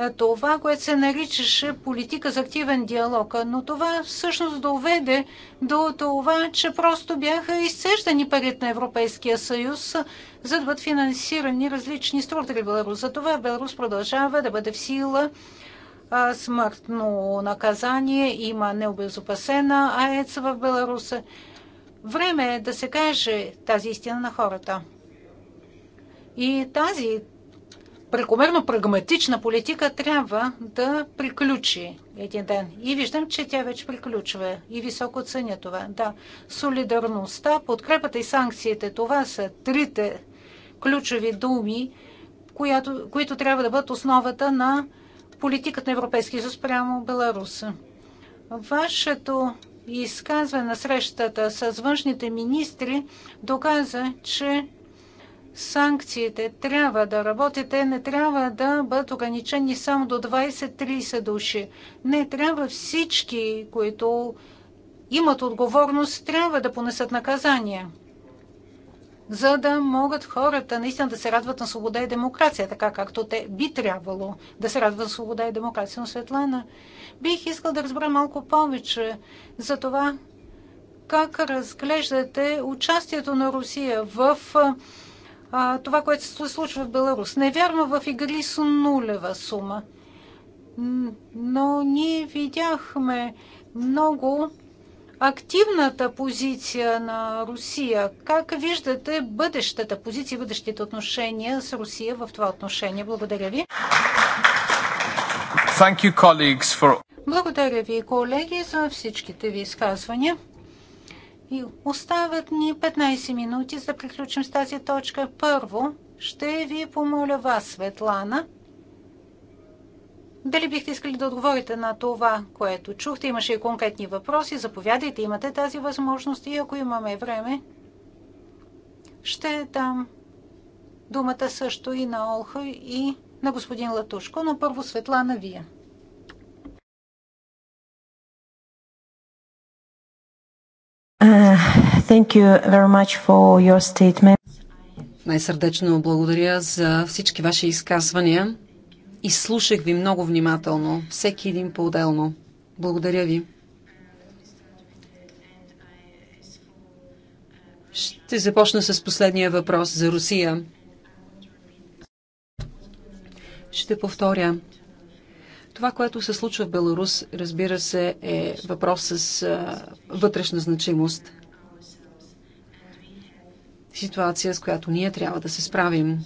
е, това, което се наричаше политика за активен диалог. Но това всъщност доведе до това, че просто бяха изцеждани парите на Европейския съюз, за да бъдат финансирани различни структури в Беларус. Затова Беларус продължава да бъде в сила смъртно наказание, има необезопасена АЕЦ в Беларус. Време е да се каже тази истина на хората. И тази прекомерно прагматична политика трябва да приключи един ден. И виждам, че тя вече приключва и високо ценя това. Да, солидарността, подкрепата и санкциите, това са трите ключови думи, която, които трябва да бъдат основата на политиката на Европейския съюз прямо Беларуса. Вашето изказване на срещата с външните министри доказа, че санкциите трябва да работят, те не трябва да бъдат ограничени само до 20-30 души. Не трябва всички, които имат отговорност, трябва да понесат наказание, за да могат хората наистина да се радват на свобода и демокрация, така както те би трябвало да се радват на свобода и демокрация. Но Светлана, бих искал да разбера малко повече за това, как разглеждате участието на Русия в а, това, което се случва в Беларус. Не вярвам в игри с нулева сума. Но ние видяхме много активната позиция на Русия. Как виждате бъдещата позиция, бъдещите отношения с Русия в това отношение? Благодаря ви. Thank you, colleagues, for... Благодаря ви, колеги, за всичките ви изказвания. И остават ни 15 минути за да приключим с тази точка. Първо, ще ви помоля вас, Светлана, дали бихте искали да отговорите на това, което чухте? Имаше и конкретни въпроси. Заповядайте, имате тази възможност и ако имаме време, ще дам думата също и на Олха и на господин Латушко, но първо Светлана Вие. Uh, thank you very much for your statement. Най-сърдечно благодаря за всички ваши изказвания. И слушах ви много внимателно, всеки един по-отделно. Благодаря ви. Ще започна с последния въпрос за Русия. Ще повторя. Това, което се случва в Беларус, разбира се, е въпрос с а, вътрешна значимост. Ситуация, с която ние трябва да се справим.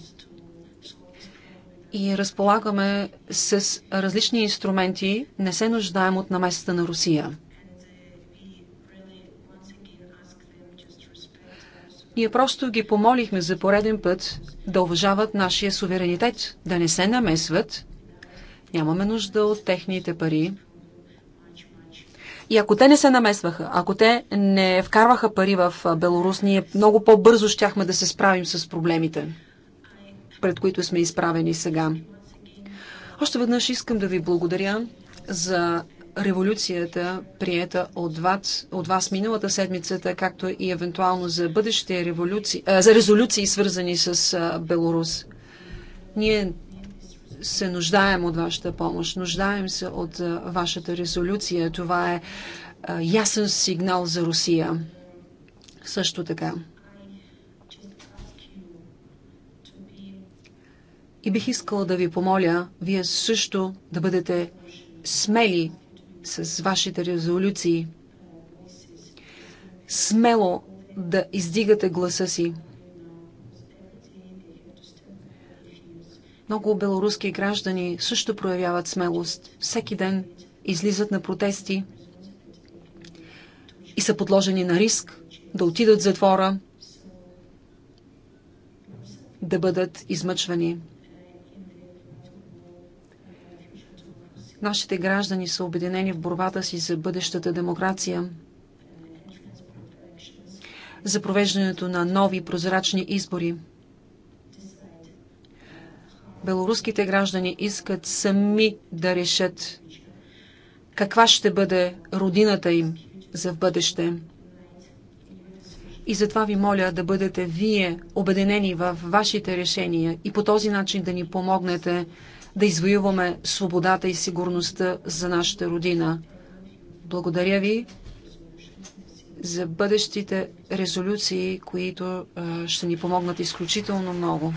И разполагаме с различни инструменти, не се нуждаем от намесата на Русия. Ние просто ги помолихме за пореден път да уважават нашия суверенитет, да не се намесват Нямаме нужда от техните пари. И ако те не се намесваха, ако те не вкарваха пари в Беларус, ние много по-бързо щяхме да се справим с проблемите, пред които сме изправени сега. Още веднъж искам да ви благодаря за революцията, приета от вас, от вас миналата седмицата, както и евентуално за бъдещите революции, за резолюции, свързани с Белорус. Беларус. Ние се нуждаем от вашата помощ, нуждаем се от вашата резолюция. Това е ясен сигнал за Русия. Също така. И бих искала да ви помоля, вие също да бъдете смели с вашите резолюции. Смело да издигате гласа си. Много белоруски граждани също проявяват смелост. Всеки ден излизат на протести и са подложени на риск да отидат в затвора, да бъдат измъчвани. Нашите граждани са обединени в борбата си за бъдещата демокрация, за провеждането на нови прозрачни избори – белоруските граждани искат сами да решат каква ще бъде родината им за в бъдеще. И затова ви моля да бъдете вие обединени в вашите решения и по този начин да ни помогнете да извоюваме свободата и сигурността за нашата родина. Благодаря ви за бъдещите резолюции, които ще ни помогнат изключително много.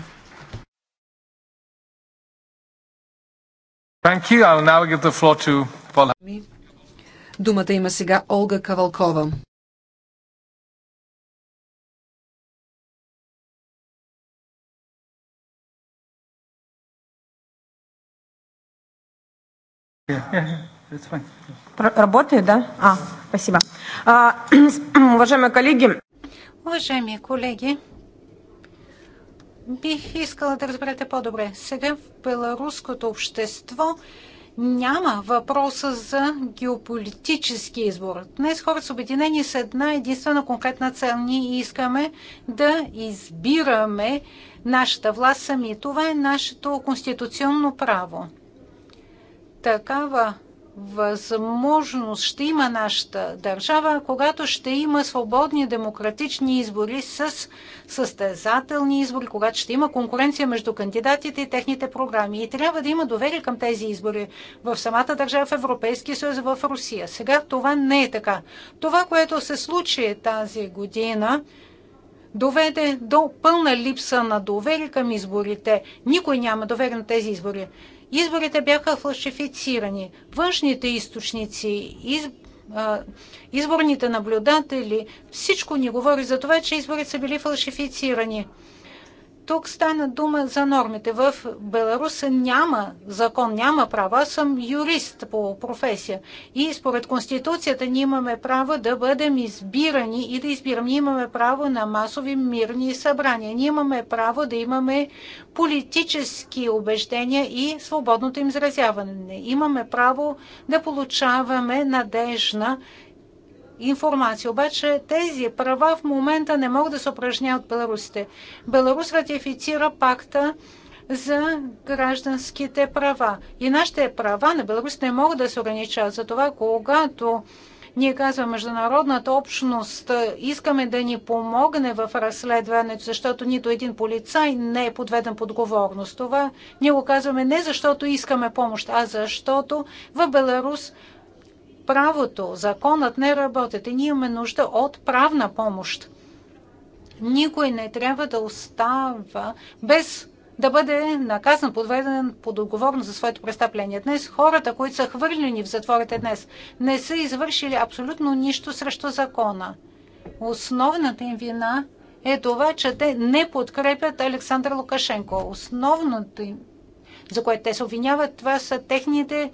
To... Думата има сега Олга Кавалкова. Yeah, Работает, да? А, спасибо. уважаемые коллеги. Уважаемые коллеги, бих искала да разберете по-добре. Сега в беларуското общество няма въпроса за геополитически избор. Днес хората са обединени с една единствена конкретна цел. Ние искаме да избираме нашата власт сами. Това е нашето конституционно право. Такава възможност ще има нашата държава, когато ще има свободни демократични избори с състезателни избори, когато ще има конкуренция между кандидатите и техните програми. И трябва да има доверие към тези избори в самата държава, в Европейския съюз, в Русия. Сега това не е така. Това, което се случи тази година, доведе до пълна липса на доверие към изборите. Никой няма доверие на тези избори. Изборите бяха фалшифицирани. Външните източници, из, а, изборните наблюдатели, всичко ни говори за това, че изборите са били фалшифицирани. Тук стана дума за нормите. В Беларус няма закон, няма права. Аз съм юрист по професия. И според Конституцията ние имаме право да бъдем избирани и да избираме. Ние имаме право на масови мирни събрания. Ние имаме право да имаме политически убеждения и свободното им изразяване. Имаме право да получаваме надежна информация. Обаче тези права в момента не могат да се упражняват от беларусите. Беларус ратифицира пакта за гражданските права. И нашите права на беларусите не могат да се ограничават. Затова, когато ние казваме международната общност, искаме да ни помогне в разследването, защото нито един полицай не е подведен под отговорност. Това ние го казваме не защото искаме помощ, а защото в Беларус правото, законът не работят и ние имаме нужда от правна помощ. Никой не трябва да остава без да бъде наказан, подведен под отговорност за своето престъпление. Днес хората, които са хвърлени в затворите днес, не са извършили абсолютно нищо срещу закона. Основната им вина е това, че те не подкрепят Александър Лукашенко. Основното им, за което те се обвиняват, това са техните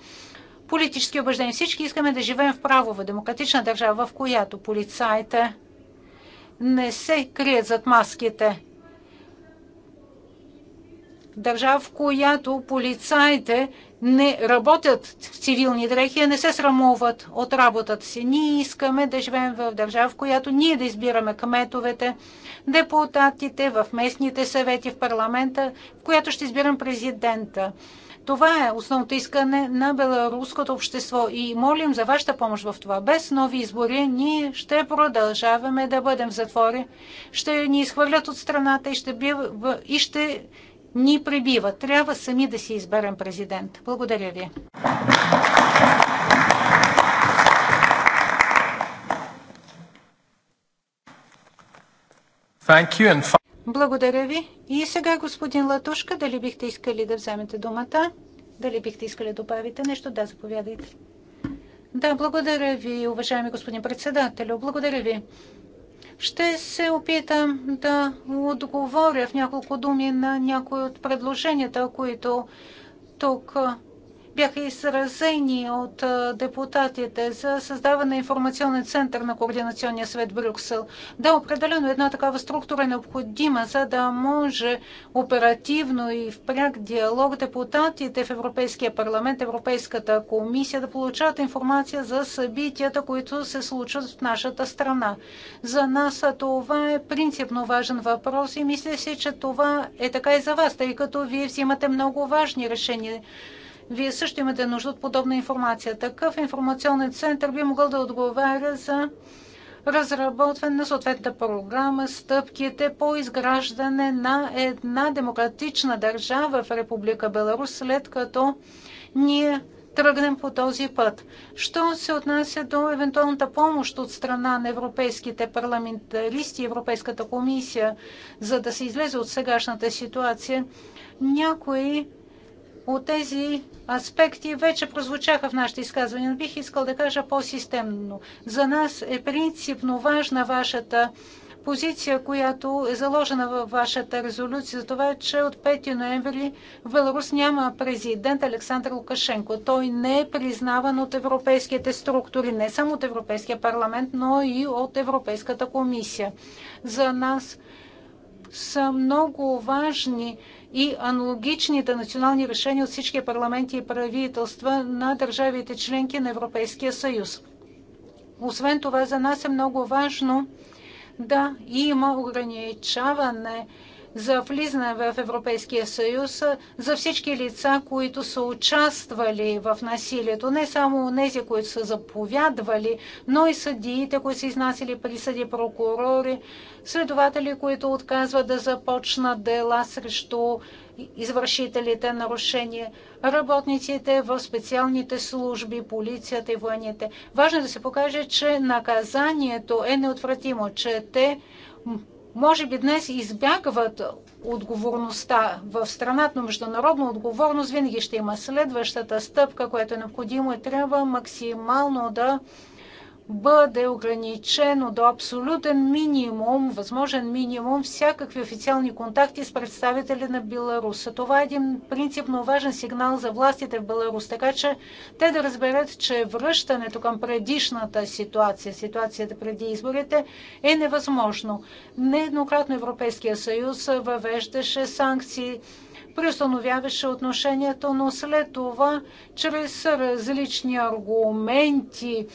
политически убеждения. Всички искаме да живеем в правова демократична държава, в която полицаите не се крият зад маските. Държава, в която полицаите не работят в цивилни дрехи, а не се срамуват от работата си. Ние искаме да живеем в държава, в която ние да избираме кметовете, депутатите, в местните съвети, в парламента, в която ще избирам президента. Това е основното искане на беларуското общество и молим за вашата помощ в това. Без нови избори ние ще продължаваме да бъдем в затвори, ще ни изхвърлят от страната и ще, бив... и ще ни прибиват. Трябва сами да си изберем президент. Благодаря ви. Thank you and... Благодаря ви. И сега, господин Латушка, дали бихте искали да вземете думата? Дали бихте искали да добавите нещо? Да, заповядайте. Да, благодаря ви, уважаеми господин председател, Благодаря ви. Ще се опитам да отговоря в няколко думи на някои от предложенията, които тук бяха изразени от депутатите за създаване на информационен център на Координационния съвет Брюксел. Да, определено една такава структура е необходима, за да може оперативно и в пряк диалог депутатите в Европейския парламент, Европейската комисия да получават информация за събитията, които се случват в нашата страна. За нас това е принципно важен въпрос и мисля си, че това е така и за вас, тъй като вие взимате много важни решения вие също имате нужда от подобна информация. Такъв информационен център би могъл да отговаря за разработване на съответната програма, стъпките по изграждане на една демократична държава в Република Беларус, след като ние тръгнем по този път. Що се отнася до евентуалната помощ от страна на европейските парламентаристи и Европейската комисия, за да се излезе от сегашната ситуация, някои от тези аспекти вече прозвучаха в нашите изказвания, но бих искал да кажа по-системно. За нас е принципно важна вашата позиция, която е заложена във вашата резолюция за това, че от 5 ноември в Беларус няма президент Александър Лукашенко. Той не е признаван от европейските структури, не само от Европейския парламент, но и от Европейската комисия. За нас са много важни и аналогичните национални решения от всички парламенти и правителства на държавите членки на Европейския съюз. Освен това, за нас е много важно да има ограничаване за влизане в Европейския съюз за всички лица, които са участвали в насилието. Не само тези, които са заповядвали, но и съдиите, които са изнасили присъди, прокурори, следователи, които отказват да започнат дела срещу извършителите нарушения, работниците в специалните служби, полицията и военните. Важно е да се покаже, че наказанието е неотвратимо, че те може би днес избягват отговорността в страната, но международна отговорност винаги ще има. Следващата стъпка, която е необходимо, и трябва максимално да бъде ограничено до абсолютен минимум, възможен минимум, всякакви официални контакти с представители на Беларус. Това е един принципно важен сигнал за властите в Беларус, така че те да разберат, че връщането към предишната ситуация, ситуацията преди изборите, е невъзможно. Нееднократно Европейския съюз въвеждаше санкции преустановяваше отношението, но след това, чрез различни аргументи,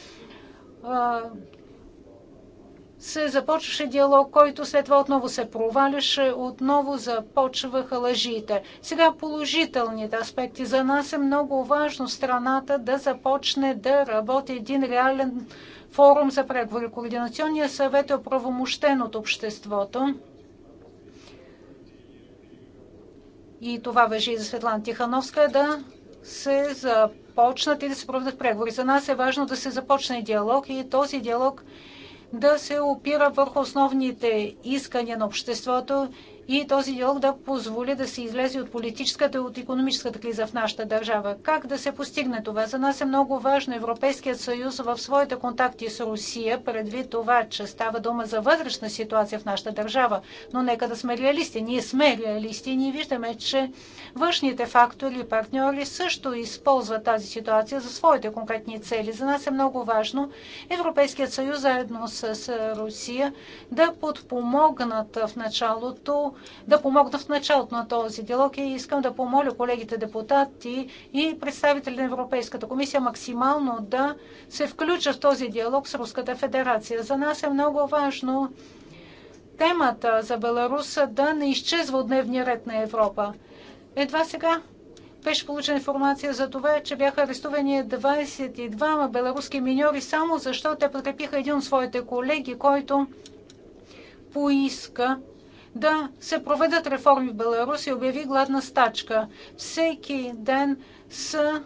се започваше диалог, който след това отново се проваляше, отново започваха лъжите. Сега положителните аспекти. За нас е много важно страната да започне да работи един реален форум за преговори. Координационния съвет е оправомощен от обществото. И това въжи и за Светлана Тихановска да се започне започнат и да се проведат преговори. За нас е важно да се започне диалог и този диалог да се опира върху основните искания на обществото и този диалог да позволи да се излезе от политическата и от економическата криза в нашата държава. Как да се постигне това? За нас е много важно Европейският съюз в своите контакти с Русия, предвид това, че става дума за вътрешна ситуация в нашата държава. Но нека да сме реалисти. Ние сме реалисти и ние виждаме, че външните фактори и партньори също използват тази ситуация за своите конкретни цели. За нас е много важно Европейският съюз заедно с Русия да подпомогнат в началото да помогна в началото на този диалог и искам да помоля колегите депутати и представители на Европейската комисия максимално да се включат в този диалог с Руската федерация. За нас е много важно темата за Беларус да не изчезва от дневния ред на Европа. Едва сега беше получена информация за това, че бяха арестувани 22 беларуски миньори, само защото те подкрепиха един от своите колеги, който поиска да се проведат реформи в Беларус и обяви гладна стачка. Всеки ден са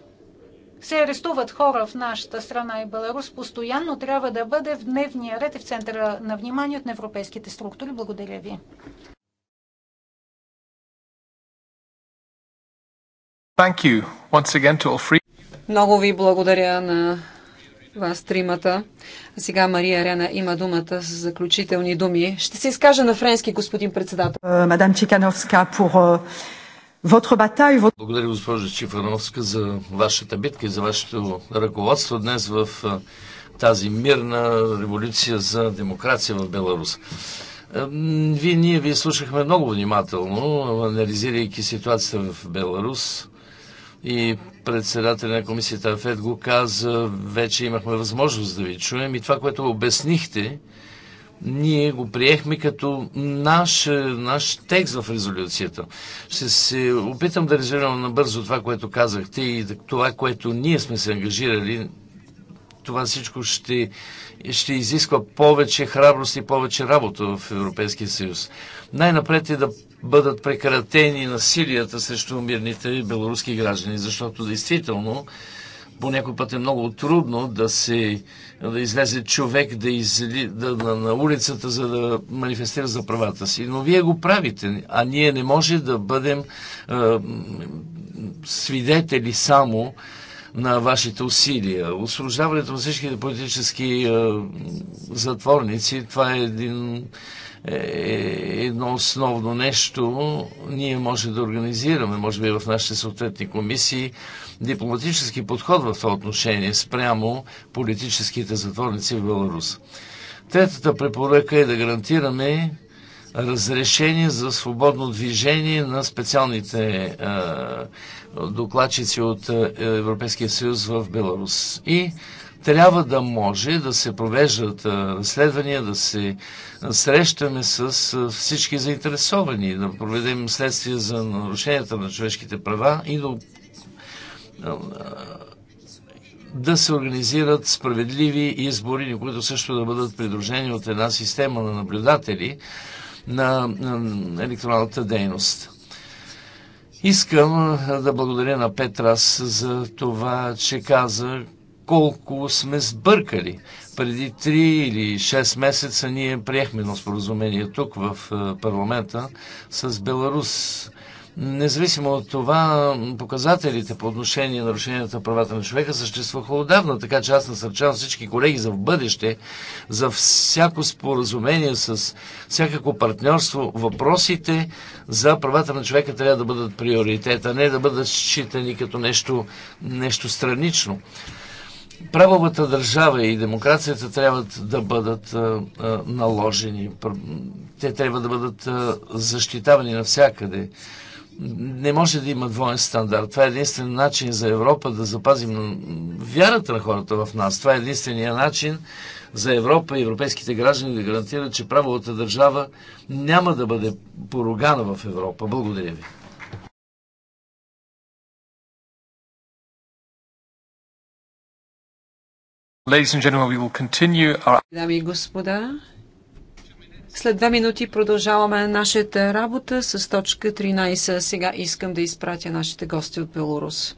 се арестуват хора в нашата страна и Беларус, постоянно трябва да бъде в дневния ред и в центъра на внимание на европейските структури. Благодаря ви. Много ви благодаря на вас тримата. А сега Мария Рена има думата с заключителни думи. Ще се изкажа на френски, господин председател. Е, мадам Чикановска, pour е, votre bataille. Благодаря, госпожо Чифановска, за вашата битка и за вашето ръководство днес в е, тази мирна революция за демокрация в Беларус. Вие, ние ви слушахме много внимателно, анализирайки ситуацията в Беларус и председателя на комисията Афет го каза, вече имахме възможност да ви чуем и това, което обяснихте, ние го приехме като наш, наш текст в резолюцията. Ще се опитам да резюмирам набързо това, което казахте и това, което ние сме се ангажирали. Това всичко ще ще изисква повече храброст и повече работа в Европейския съюз. Най-напред е да бъдат прекратени насилията срещу мирните белоруски граждани, защото действително по някой път е много трудно да се да излезе човек да изли, да, на, на улицата, за да манифестира за правата си. Но вие го правите, а ние не може да бъдем е, свидетели само на вашите усилия. Освобождаването на всичките политически е, затворници, това е един е, е, едно основно нещо ние може да организираме, може би в нашите съответни комисии, дипломатически подход в това отношение спрямо политическите затворници в Беларус. Третата препоръка е да гарантираме разрешение за свободно движение на специалните а, е, докладчици от е, Европейския съюз в Беларус. И трябва да може да се провеждат е, разследвания, да се срещаме с е, всички заинтересовани, да проведем следствие за нарушенията на човешките права и да, да се организират справедливи избори, които също да бъдат придружени от една система на наблюдатели на електронната дейност. Искам да благодаря на Петрас за това, че каза колко сме сбъркали. Преди 3 или 6 месеца ние приехме едно споразумение тук в парламента с Беларус Независимо от това, показателите по отношение на нарушенията на правата на човека съществуваха отдавна, така че аз насърчавам всички колеги за в бъдеще, за всяко споразумение с всякакво партньорство, въпросите за правата на човека трябва да бъдат приоритет, а не да бъдат считани като нещо, нещо странично правовата държава и демокрацията трябва да бъдат наложени. Те трябва да бъдат защитавани навсякъде не може да има двоен стандарт. Това е единствен начин за Европа да запазим вярата на хората в нас. Това е единствения начин за Европа и европейските граждани да гарантират, че правовата държава няма да бъде порогана в Европа. Благодаря ви. Дами и господа, след две минути продължаваме нашата работа с точка 13. Сега искам да изпратя нашите гости от Беларус.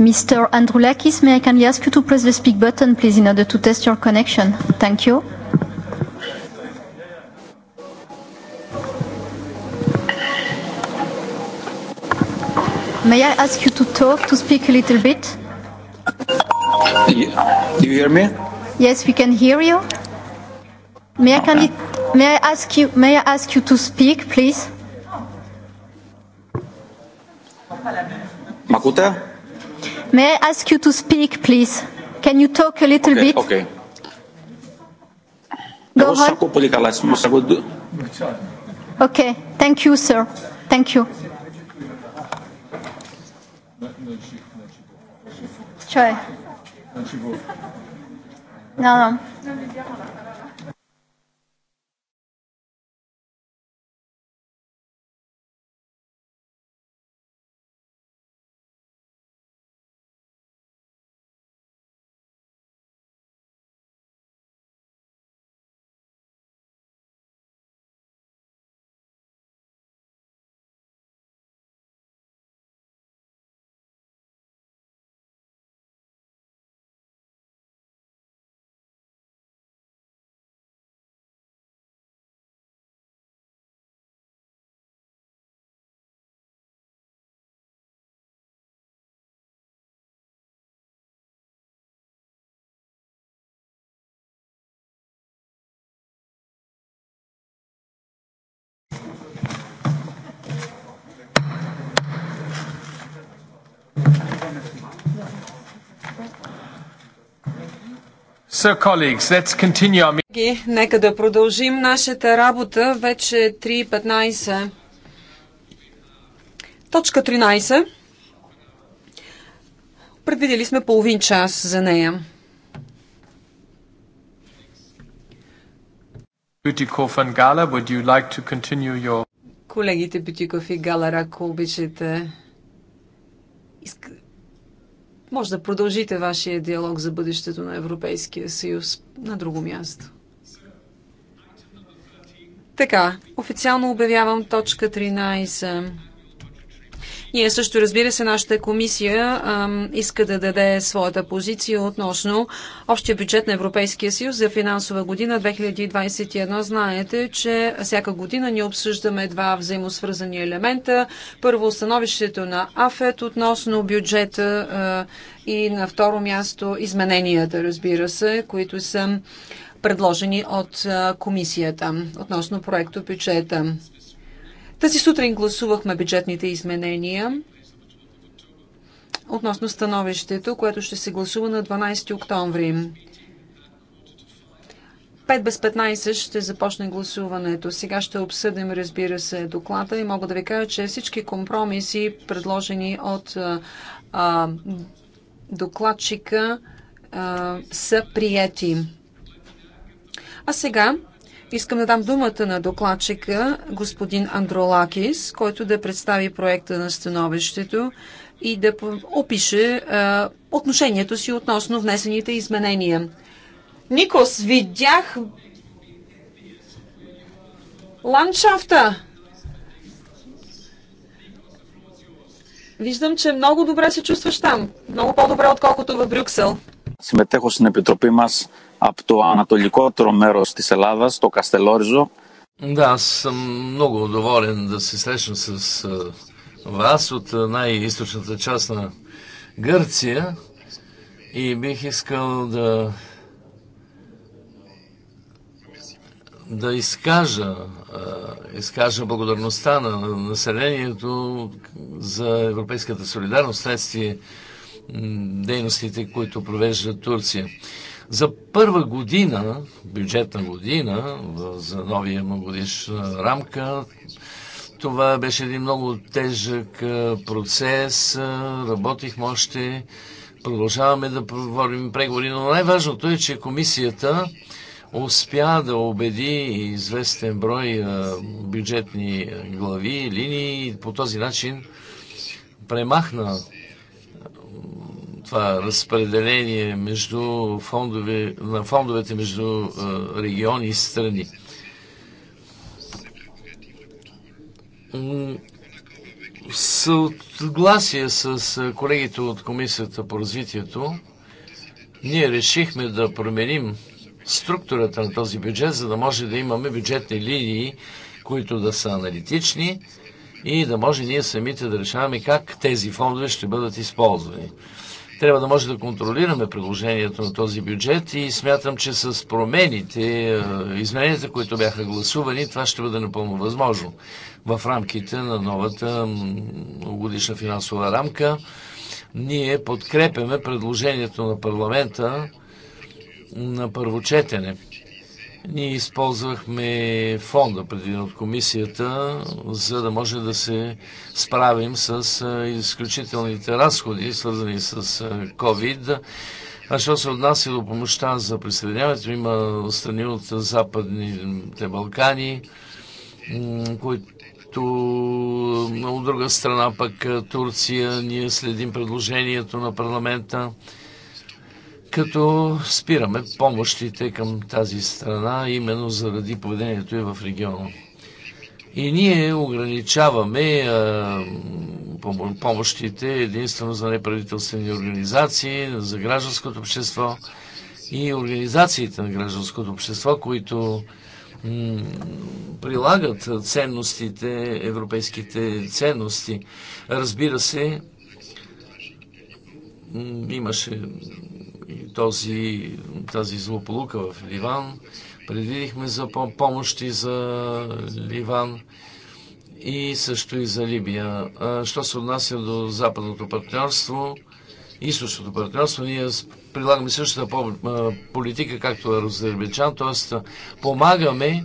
Mr. Androulakis, may I kindly ask you to press the speak button, please, in order to test your connection? Thank you. May I ask you to talk, to speak a little bit? Do you hear me? Yes, we can hear you. May I kindly, may I ask you, may I ask you to speak, please? M'acuta? May I ask you to speak, please? Can you talk a little okay, bit? Okay. Go ahead. Okay. Thank you, sir. Thank you. Cioè. No, no. So, Нека да продължим нашата работа. Вече 3.15. Точка 13. Предвидели сме половин час за нея. Колегите Бютиков и Гала, ако обичате, може да продължите вашия диалог за бъдещето на Европейския съюз на друго място. Така, официално обявявам точка 13. Ние също, разбира се, нашата комисия а, иска да даде своята позиция относно общия бюджет на Европейския съюз за финансова година 2021. Знаете, че всяка година ние обсъждаме два взаимосвързани елемента. Първо, становището на АФЕТ относно бюджета а, и на второ място измененията, разбира се, които са предложени от комисията относно проекто бюджета. Тази сутрин гласувахме бюджетните изменения относно становището, което ще се гласува на 12 октомври. 5 без 15 ще започне гласуването. Сега ще обсъдим, разбира се, доклада и мога да ви кажа, че всички компромиси, предложени от а, докладчика, а, са приети. А сега Искам да дам думата на докладчика господин Андролакис, който да представи проекта на становището и да опише а, отношението си относно внесените изменения. Никос, видях ландшафта. Виждам, че много добре се чувстваш там. Много по-добре, отколкото в Брюксел. Συμμετέχω на Επιτροπή аз από το ανατολικότερο μέρος της Ελλάδας, το Καστελόριζο. Да, аз съм много доволен да се срещам с вас от най-источната част на Гърция и бих искал да да изкажа, изкажа благодарността на населението за европейската солидарност следствие дейностите, които провежда Турция. За първа година, бюджетна година, за новия многодишна рамка, това беше един много тежък процес. Работихме още, продължаваме да проводим преговори, но най-важното е, че комисията успя да убеди известен брой бюджетни глави, линии и по този начин премахна това разпределение между фондове, на фондовете между региони и страни. Съгласие с колегите от Комисията по развитието, ние решихме да променим структурата на този бюджет, за да може да имаме бюджетни линии, които да са аналитични и да може ние самите да решаваме как тези фондове ще бъдат използвани. Трябва да може да контролираме предложението на този бюджет и смятам, че с промените, е, измененията, които бяха гласувани, това ще бъде напълно възможно в рамките на новата годишна финансова рамка. Ние подкрепяме предложението на парламента на първо четене. Ние използвахме фонда, предвиден от комисията, за да може да се справим с изключителните разходи, свързани с COVID. А що се отнася до помощта за присъединяването, има страни от Западните Балкани, които от друга страна пък Турция, ние следим предложението на парламента като спираме помощите към тази страна, именно заради поведението и в региона. И ние ограничаваме помощите единствено за неправителствени организации, за гражданското общество и организациите на гражданското общество, които прилагат ценностите, европейските ценности. Разбира се, имаше този, тази злополука в Ливан. Предвидихме за помощи за Ливан и също и за Либия. Що се отнася до западното партньорство, източното партньорство, ние прилагаме същата политика, както Азербайджан, т.е. помагаме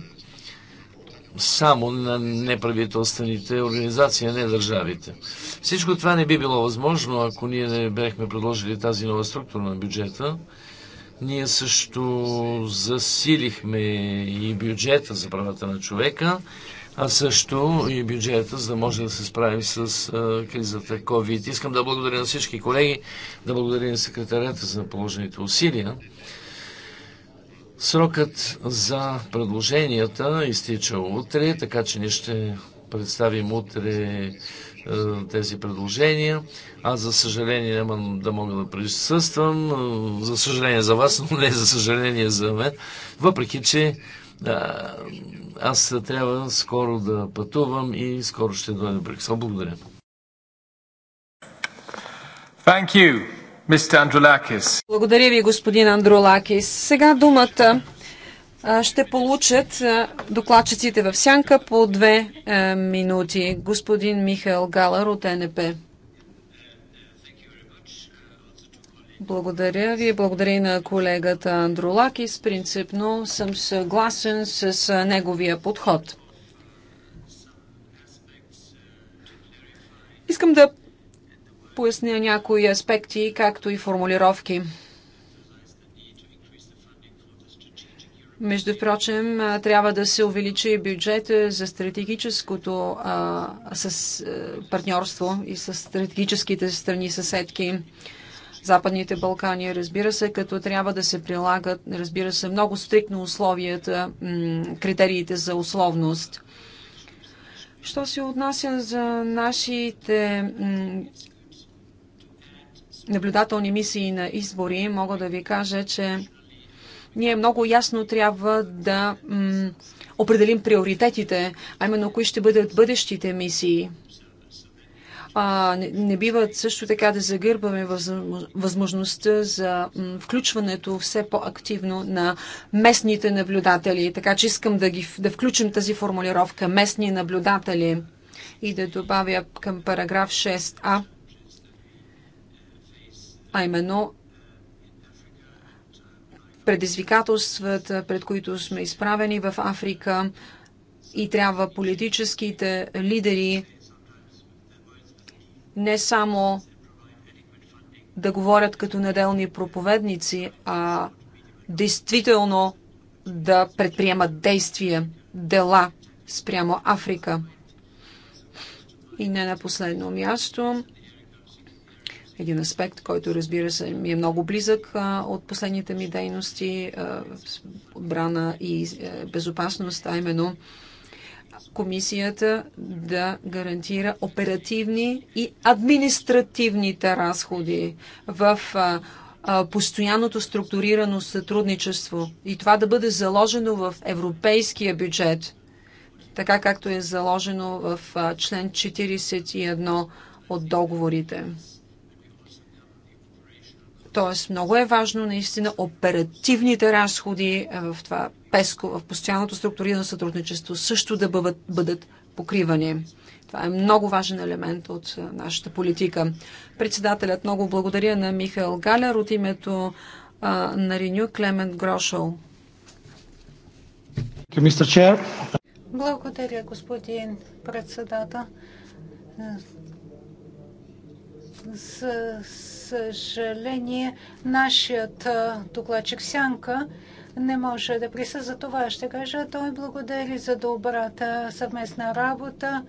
само на неправителствените организации, а не държавите. Всичко това не би било възможно, ако ние не бяхме предложили тази нова структура на бюджета. Ние също засилихме и бюджета за правата на човека, а също и бюджета, за да може да се справим с кризата COVID. Искам да благодаря на всички колеги, да благодаря на секретарята за положените усилия. Срокът за предложенията изтича утре, така че ние ще представим утре е, тези предложения. Аз, за съжаление, няма да мога да присъствам. Е, за съжаление за вас, но не за съжаление за мен. Въпреки, че е, аз трябва скоро да пътувам и скоро ще дойда в Брюксел. Благодаря. Thank you. Благодаря ви, господин Андролакис. Сега думата ще получат докладчиците в сянка по две е, минути. Господин Михаил Галар от НП. Благодаря ви. Благодаря и на колегата Андролакис. Принципно съм съгласен с неговия подход. Искам да поясня някои аспекти, както и формулировки. Между прочим, трябва да се увеличи бюджет за стратегическото а, с, партньорство и с стратегическите страни съседки. Западните Балкани, разбира се, като трябва да се прилагат, разбира се, много стрикно условията, критериите за условност. Що се отнася за нашите наблюдателни мисии на избори, мога да ви кажа, че ние много ясно трябва да определим приоритетите, а именно кои ще бъдат бъдещите мисии. А, не, не биват също така да загърбаме възможността за м, включването все по-активно на местните наблюдатели. Така че искам да, ги, да включим тази формулировка местни наблюдатели и да добавя към параграф 6а а именно предизвикателствата, пред които сме изправени в Африка и трябва политическите лидери не само да говорят като неделни проповедници, а действително да предприемат действия, дела спрямо Африка. И не на последно място, един аспект, който разбира се ми е много близък а, от последните ми дейности, а, отбрана и а, е, безопасност, а именно комисията да гарантира оперативни и административните разходи в а, постоянното структурирано сътрудничество и това да бъде заложено в европейския бюджет, така както е заложено в член 41 от договорите. Тоест много е важно наистина оперативните разходи е, в това ПЕСКО, в постоянното структурирано сътрудничество също да бъдат, бъдат покривани. Това е много важен елемент от е, нашата политика. Председателят много благодаря на Михаил Галер от името а, е, на Реню Клемент Грошел. Благодаря, господин председател. За съжаление, нашият докладчик Сянка не може да присъства. За това ще кажа, той благодари за добрата съвместна работа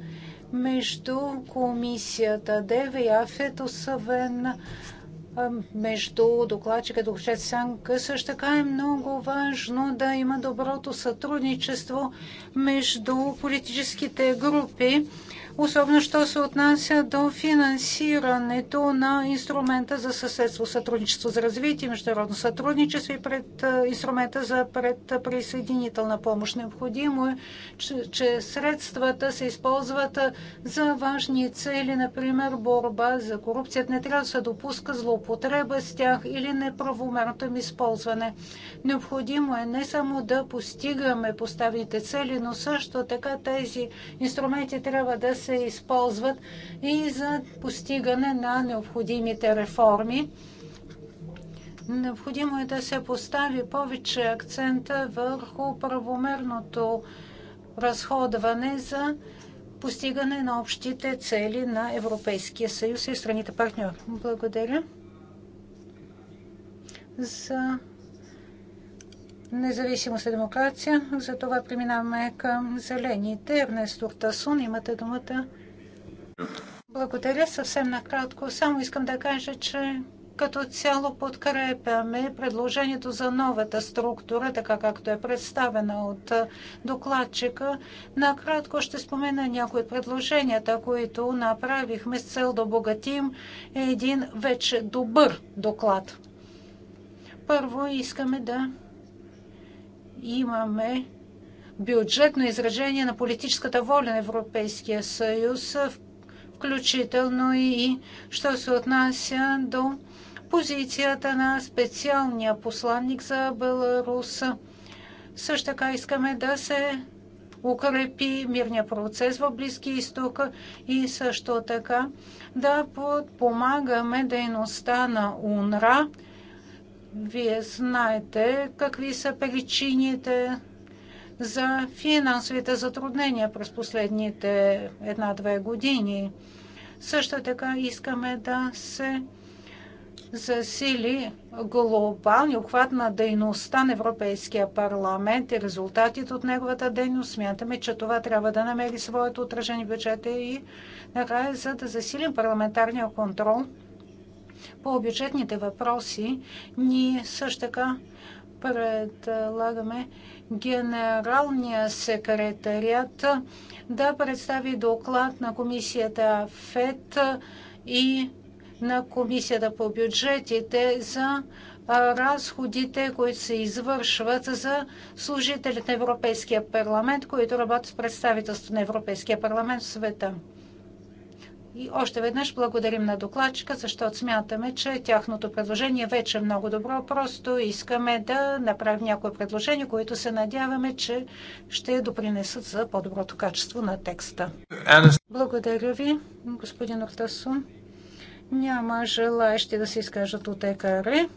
между комисията ДЕВ и АФЕТ, освен между докладчика и Сянка. Също така е много важно да има доброто сътрудничество между политическите групи особено що се отнася до финансирането на инструмента за съседство, сътрудничество за развитие, международно сътрудничество и пред инструмента за предприсъединителна помощ. Необходимо е, че, че средствата се използват за важни цели, например борба за корупцията. Не трябва да се допуска злоупотреба с тях или неправомерното им използване. Необходимо е не само да постигаме поставените цели, но също така тези инструменти трябва да се се използват и за постигане на необходимите реформи. Необходимо е да се постави повече акцента върху правомерното разходване за постигане на общите цели на Европейския съюз и страните партньори. Благодаря за независимост и демокрация. За това преминаваме към зелените. Ернест Тасун, имате думата. Благодаря съвсем накратко. Само искам да кажа, че като цяло подкрепяме предложението за новата структура, така както е представена от докладчика. Накратко ще спомена някои от предложенията, които направихме с цел да обогатим един вече добър доклад. Първо искаме да имаме бюджетно изражение на политическата воля на Европейския съюз, включително и що се отнася до позицията на специалния посланник за Беларус. Също така искаме да се укрепи мирния процес в Близки изток и също така да подпомагаме дейността на УНРА вие знаете какви са причините за финансовите затруднения през последните една-две години. Също така искаме да се засили глобалния обхват на дейността на Европейския парламент и резултатите от неговата дейност. Смятаме, че това трябва да намери своето отражение в бюджета и накрая, за да засилим парламентарния контрол – по бюджетните въпроси ние също така предлагаме генералния секретарият да представи доклад на комисията ФЕД и на комисията по бюджетите за разходите, които се извършват за служителите на Европейския парламент, които работят в представителството на Европейския парламент в света. И още веднъж благодарим на докладчика, защото смятаме, че тяхното предложение е вече е много добро. Просто искаме да направим някои предложения, които се надяваме, че ще допринесат за по-доброто качество на текста. Благодаря ви, господин Ортасун. Няма желаящи да се изкажат от ЕКР.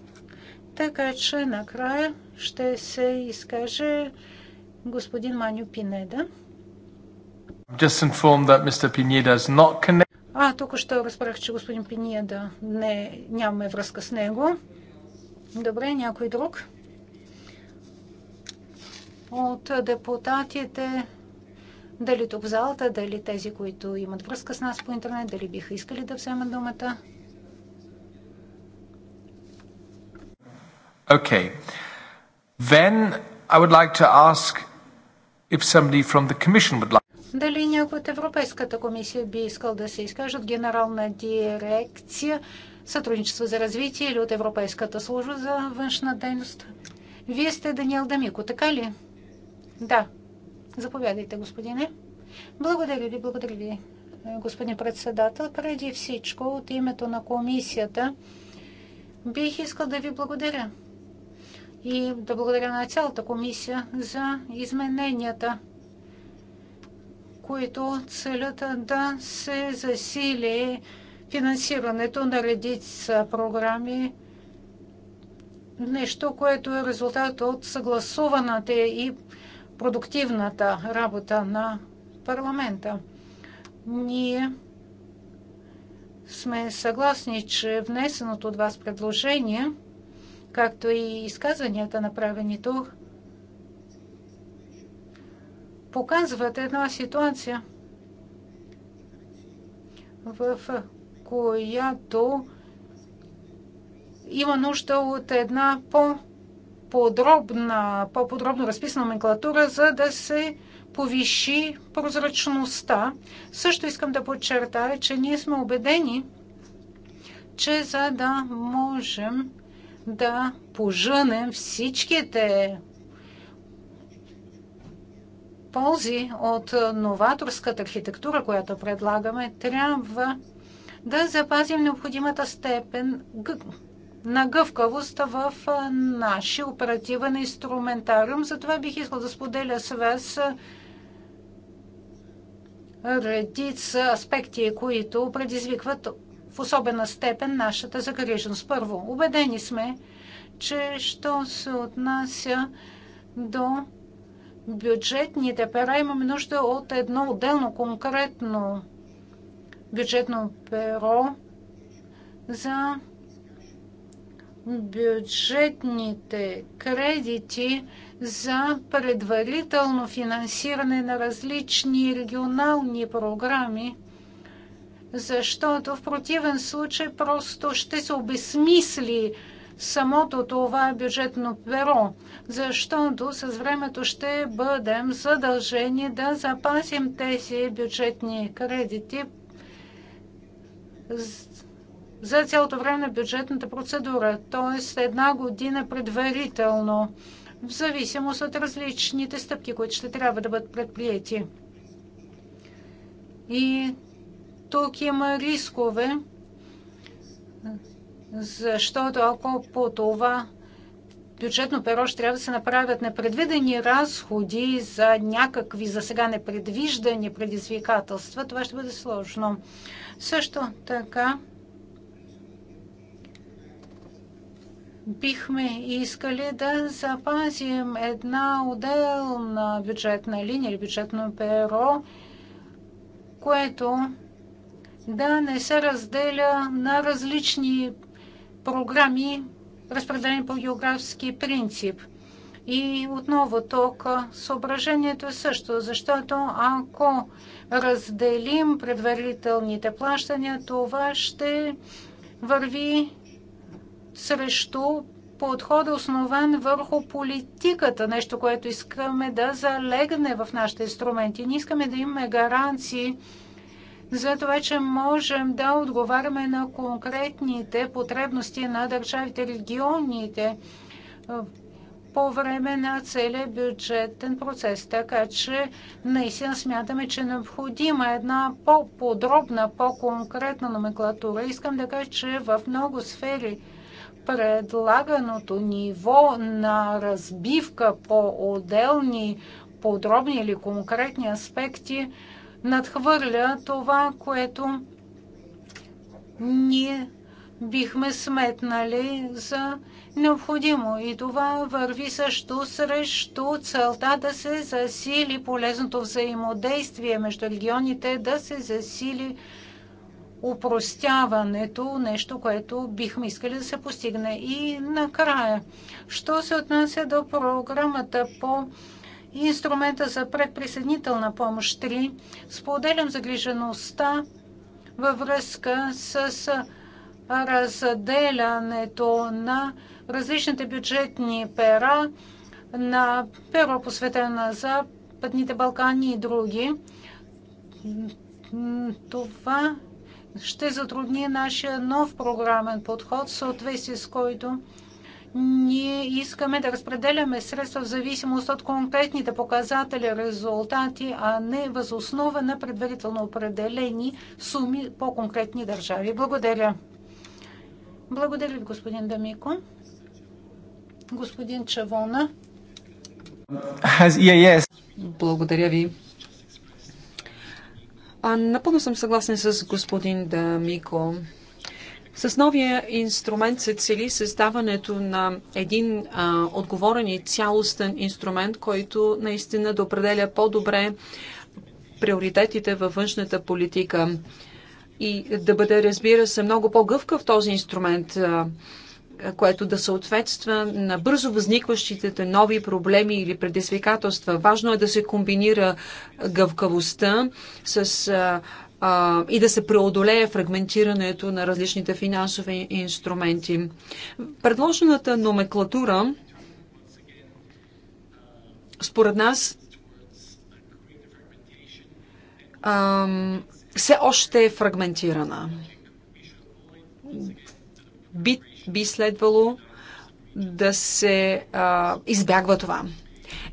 Така че накрая ще се изкаже господин Маню Пинеда. Just informed that Mr. Pineda is not connected. А, тук ще разбрах, че господин Пиния да не, нямаме връзка с него. Добре, някой друг? От депутатите, дали тук в залата, дали тези, които имат връзка с нас по интернет, дали биха искали да вземат думата? Okay. Then I would like to ask if somebody from the commission would like дали някой от Европейската комисия би искал да се изкаже от Генерална дирекция сътрудничество за развитие или от Европейската служба за външна дейност? Вие сте Даниел Дамико, така ли? Да. Заповядайте, господине. Благодаря ви, благодаря ви, господин председател. Преди всичко, от името на комисията, бих искал да ви благодаря и да благодаря на цялата комисия за измененията, които целят да се засили финансирането на редица програми. Нещо, което е резултат от съгласуваната и продуктивната работа на парламента. Ние сме съгласни, че внесеното от вас предложение, както и изказванията направени тук, показват една ситуация, в която има нужда от една по-подробна, по-подробно разписана номенклатура, за да се повиши прозрачността. Също искам да подчертая, че ние сме убедени, че за да можем да пожънем всичките ползи от новаторската архитектура, която предлагаме, трябва да запазим необходимата степен на гъвкавост в нашия оперативен инструментариум. Затова бих искал да споделя с вас редица аспекти, които предизвикват в особена степен нашата загриженост. Първо, убедени сме, че що се отнася до бюджетните пера имаме нужда от едно отделно конкретно бюджетно перо за бюджетните кредити за предварително финансиране на различни регионални програми, защото в противен случай просто ще се обесмисли самото това бюджетно перо, защото с времето ще бъдем задължени да запасим тези бюджетни кредити за цялото време на бюджетната процедура, т.е. една година предварително, в зависимост от различните стъпки, които ще трябва да бъдат предприяти. И тук има рискове защото ако по това бюджетно перо ще трябва да се направят непредвидени разходи за някакви за сега непредвиждани предизвикателства, това ще бъде сложно. Също така бихме искали да запазим една отделна бюджетна линия или бюджетно перо, което да не се разделя на различни програми, разпределени по географски принцип. И отново тук съображението е също, защото ако разделим предварителните плащания, това ще върви срещу подхода основан върху политиката, нещо, което искаме да залегне в нашите инструменти. Не искаме да имаме гаранции Зато вече че можем да отговаряме на конкретните потребности на държавите, регионите по време на целия бюджетен процес. Така че наистина смятаме, че е необходима една по-подробна, по-конкретна номенклатура. Искам да кажа, че в много сфери предлаганото ниво на разбивка по отделни подробни или конкретни аспекти надхвърля това, което ние бихме сметнали за необходимо. И това върви също срещу целта да се засили полезното взаимодействие между регионите, да се засили упростяването, нещо, което бихме искали да се постигне. И накрая, що се отнася до програмата по и инструмента за предприсъединителна помощ 3. Споделям загрижеността във връзка с разделянето на различните бюджетни пера на перо посветено на Западните Балкани и други. Това ще затрудни нашия нов програмен подход, в съответствие с който ние искаме да разпределяме средства в зависимост от конкретните показатели, резултати, а не възоснова на предварително определени суми по конкретни държави. Благодаря. Благодаря ви, господин Дамико. Господин Чавона. E Благодаря ви. А, напълно съм съгласен с господин Дамико. С новия инструмент се цели създаването на един а, отговорен и цялостен инструмент, който наистина да определя по-добре приоритетите във външната политика и да бъде, разбира се, много по-гъвкав този инструмент, а, което да съответства на бързо възникващите нови проблеми или предизвикателства. Важно е да се комбинира гъвкавостта с а, а, и да се преодолее фрагментирането на различните финансови инструменти. Предложената номенклатура според нас а, все още е фрагментирана. Би, би следвало да се а, избягва това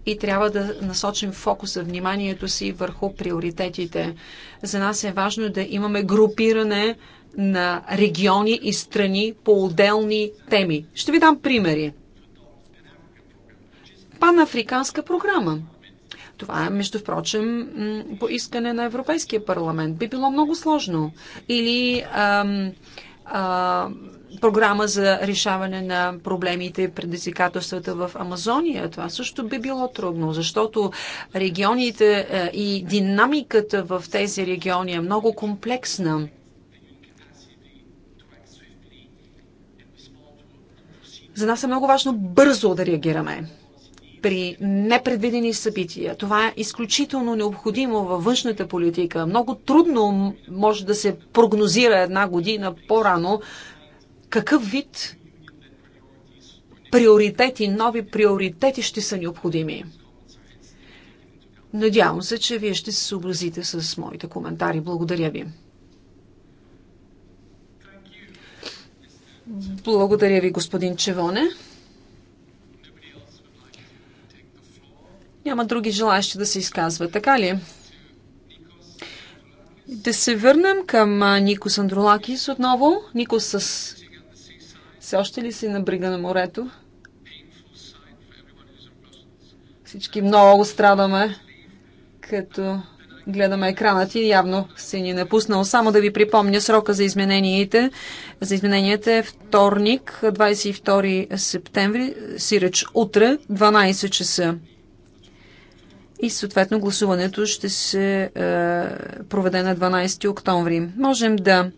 и трябва да насочим фокуса, вниманието си върху приоритетите. За нас е важно да имаме групиране на региони и страни по отделни теми. Ще ви дам примери. Панафриканска програма. Това е, между впрочем, по искане на Европейския парламент. Би било много сложно. Или ам, ам, програма за решаване на проблемите и предизвикателствата в Амазония. Това също би било трудно, защото регионите е, и динамиката в тези региони е много комплексна. За нас е много важно бързо да реагираме при непредвидени събития. Това е изключително необходимо във външната политика. Много трудно може да се прогнозира една година по-рано какъв вид приоритети, нови приоритети ще са необходими. Надявам се, че вие ще се съобразите с моите коментари. Благодаря ви. Благодаря ви, господин Чевоне. Няма други желаящи да се изказват, така ли? Да се върнем към Никос Андролакис отново. Никос с все още ли си на брига на морето? Всички много страдаме, като гледаме екрана ти. Явно си ни напуснал. Само да ви припомня срока за измененията. За измененията е вторник, 22 септември, сиреч утре, 12 часа. И съответно гласуването ще се е, проведе на 12 октомври. Можем да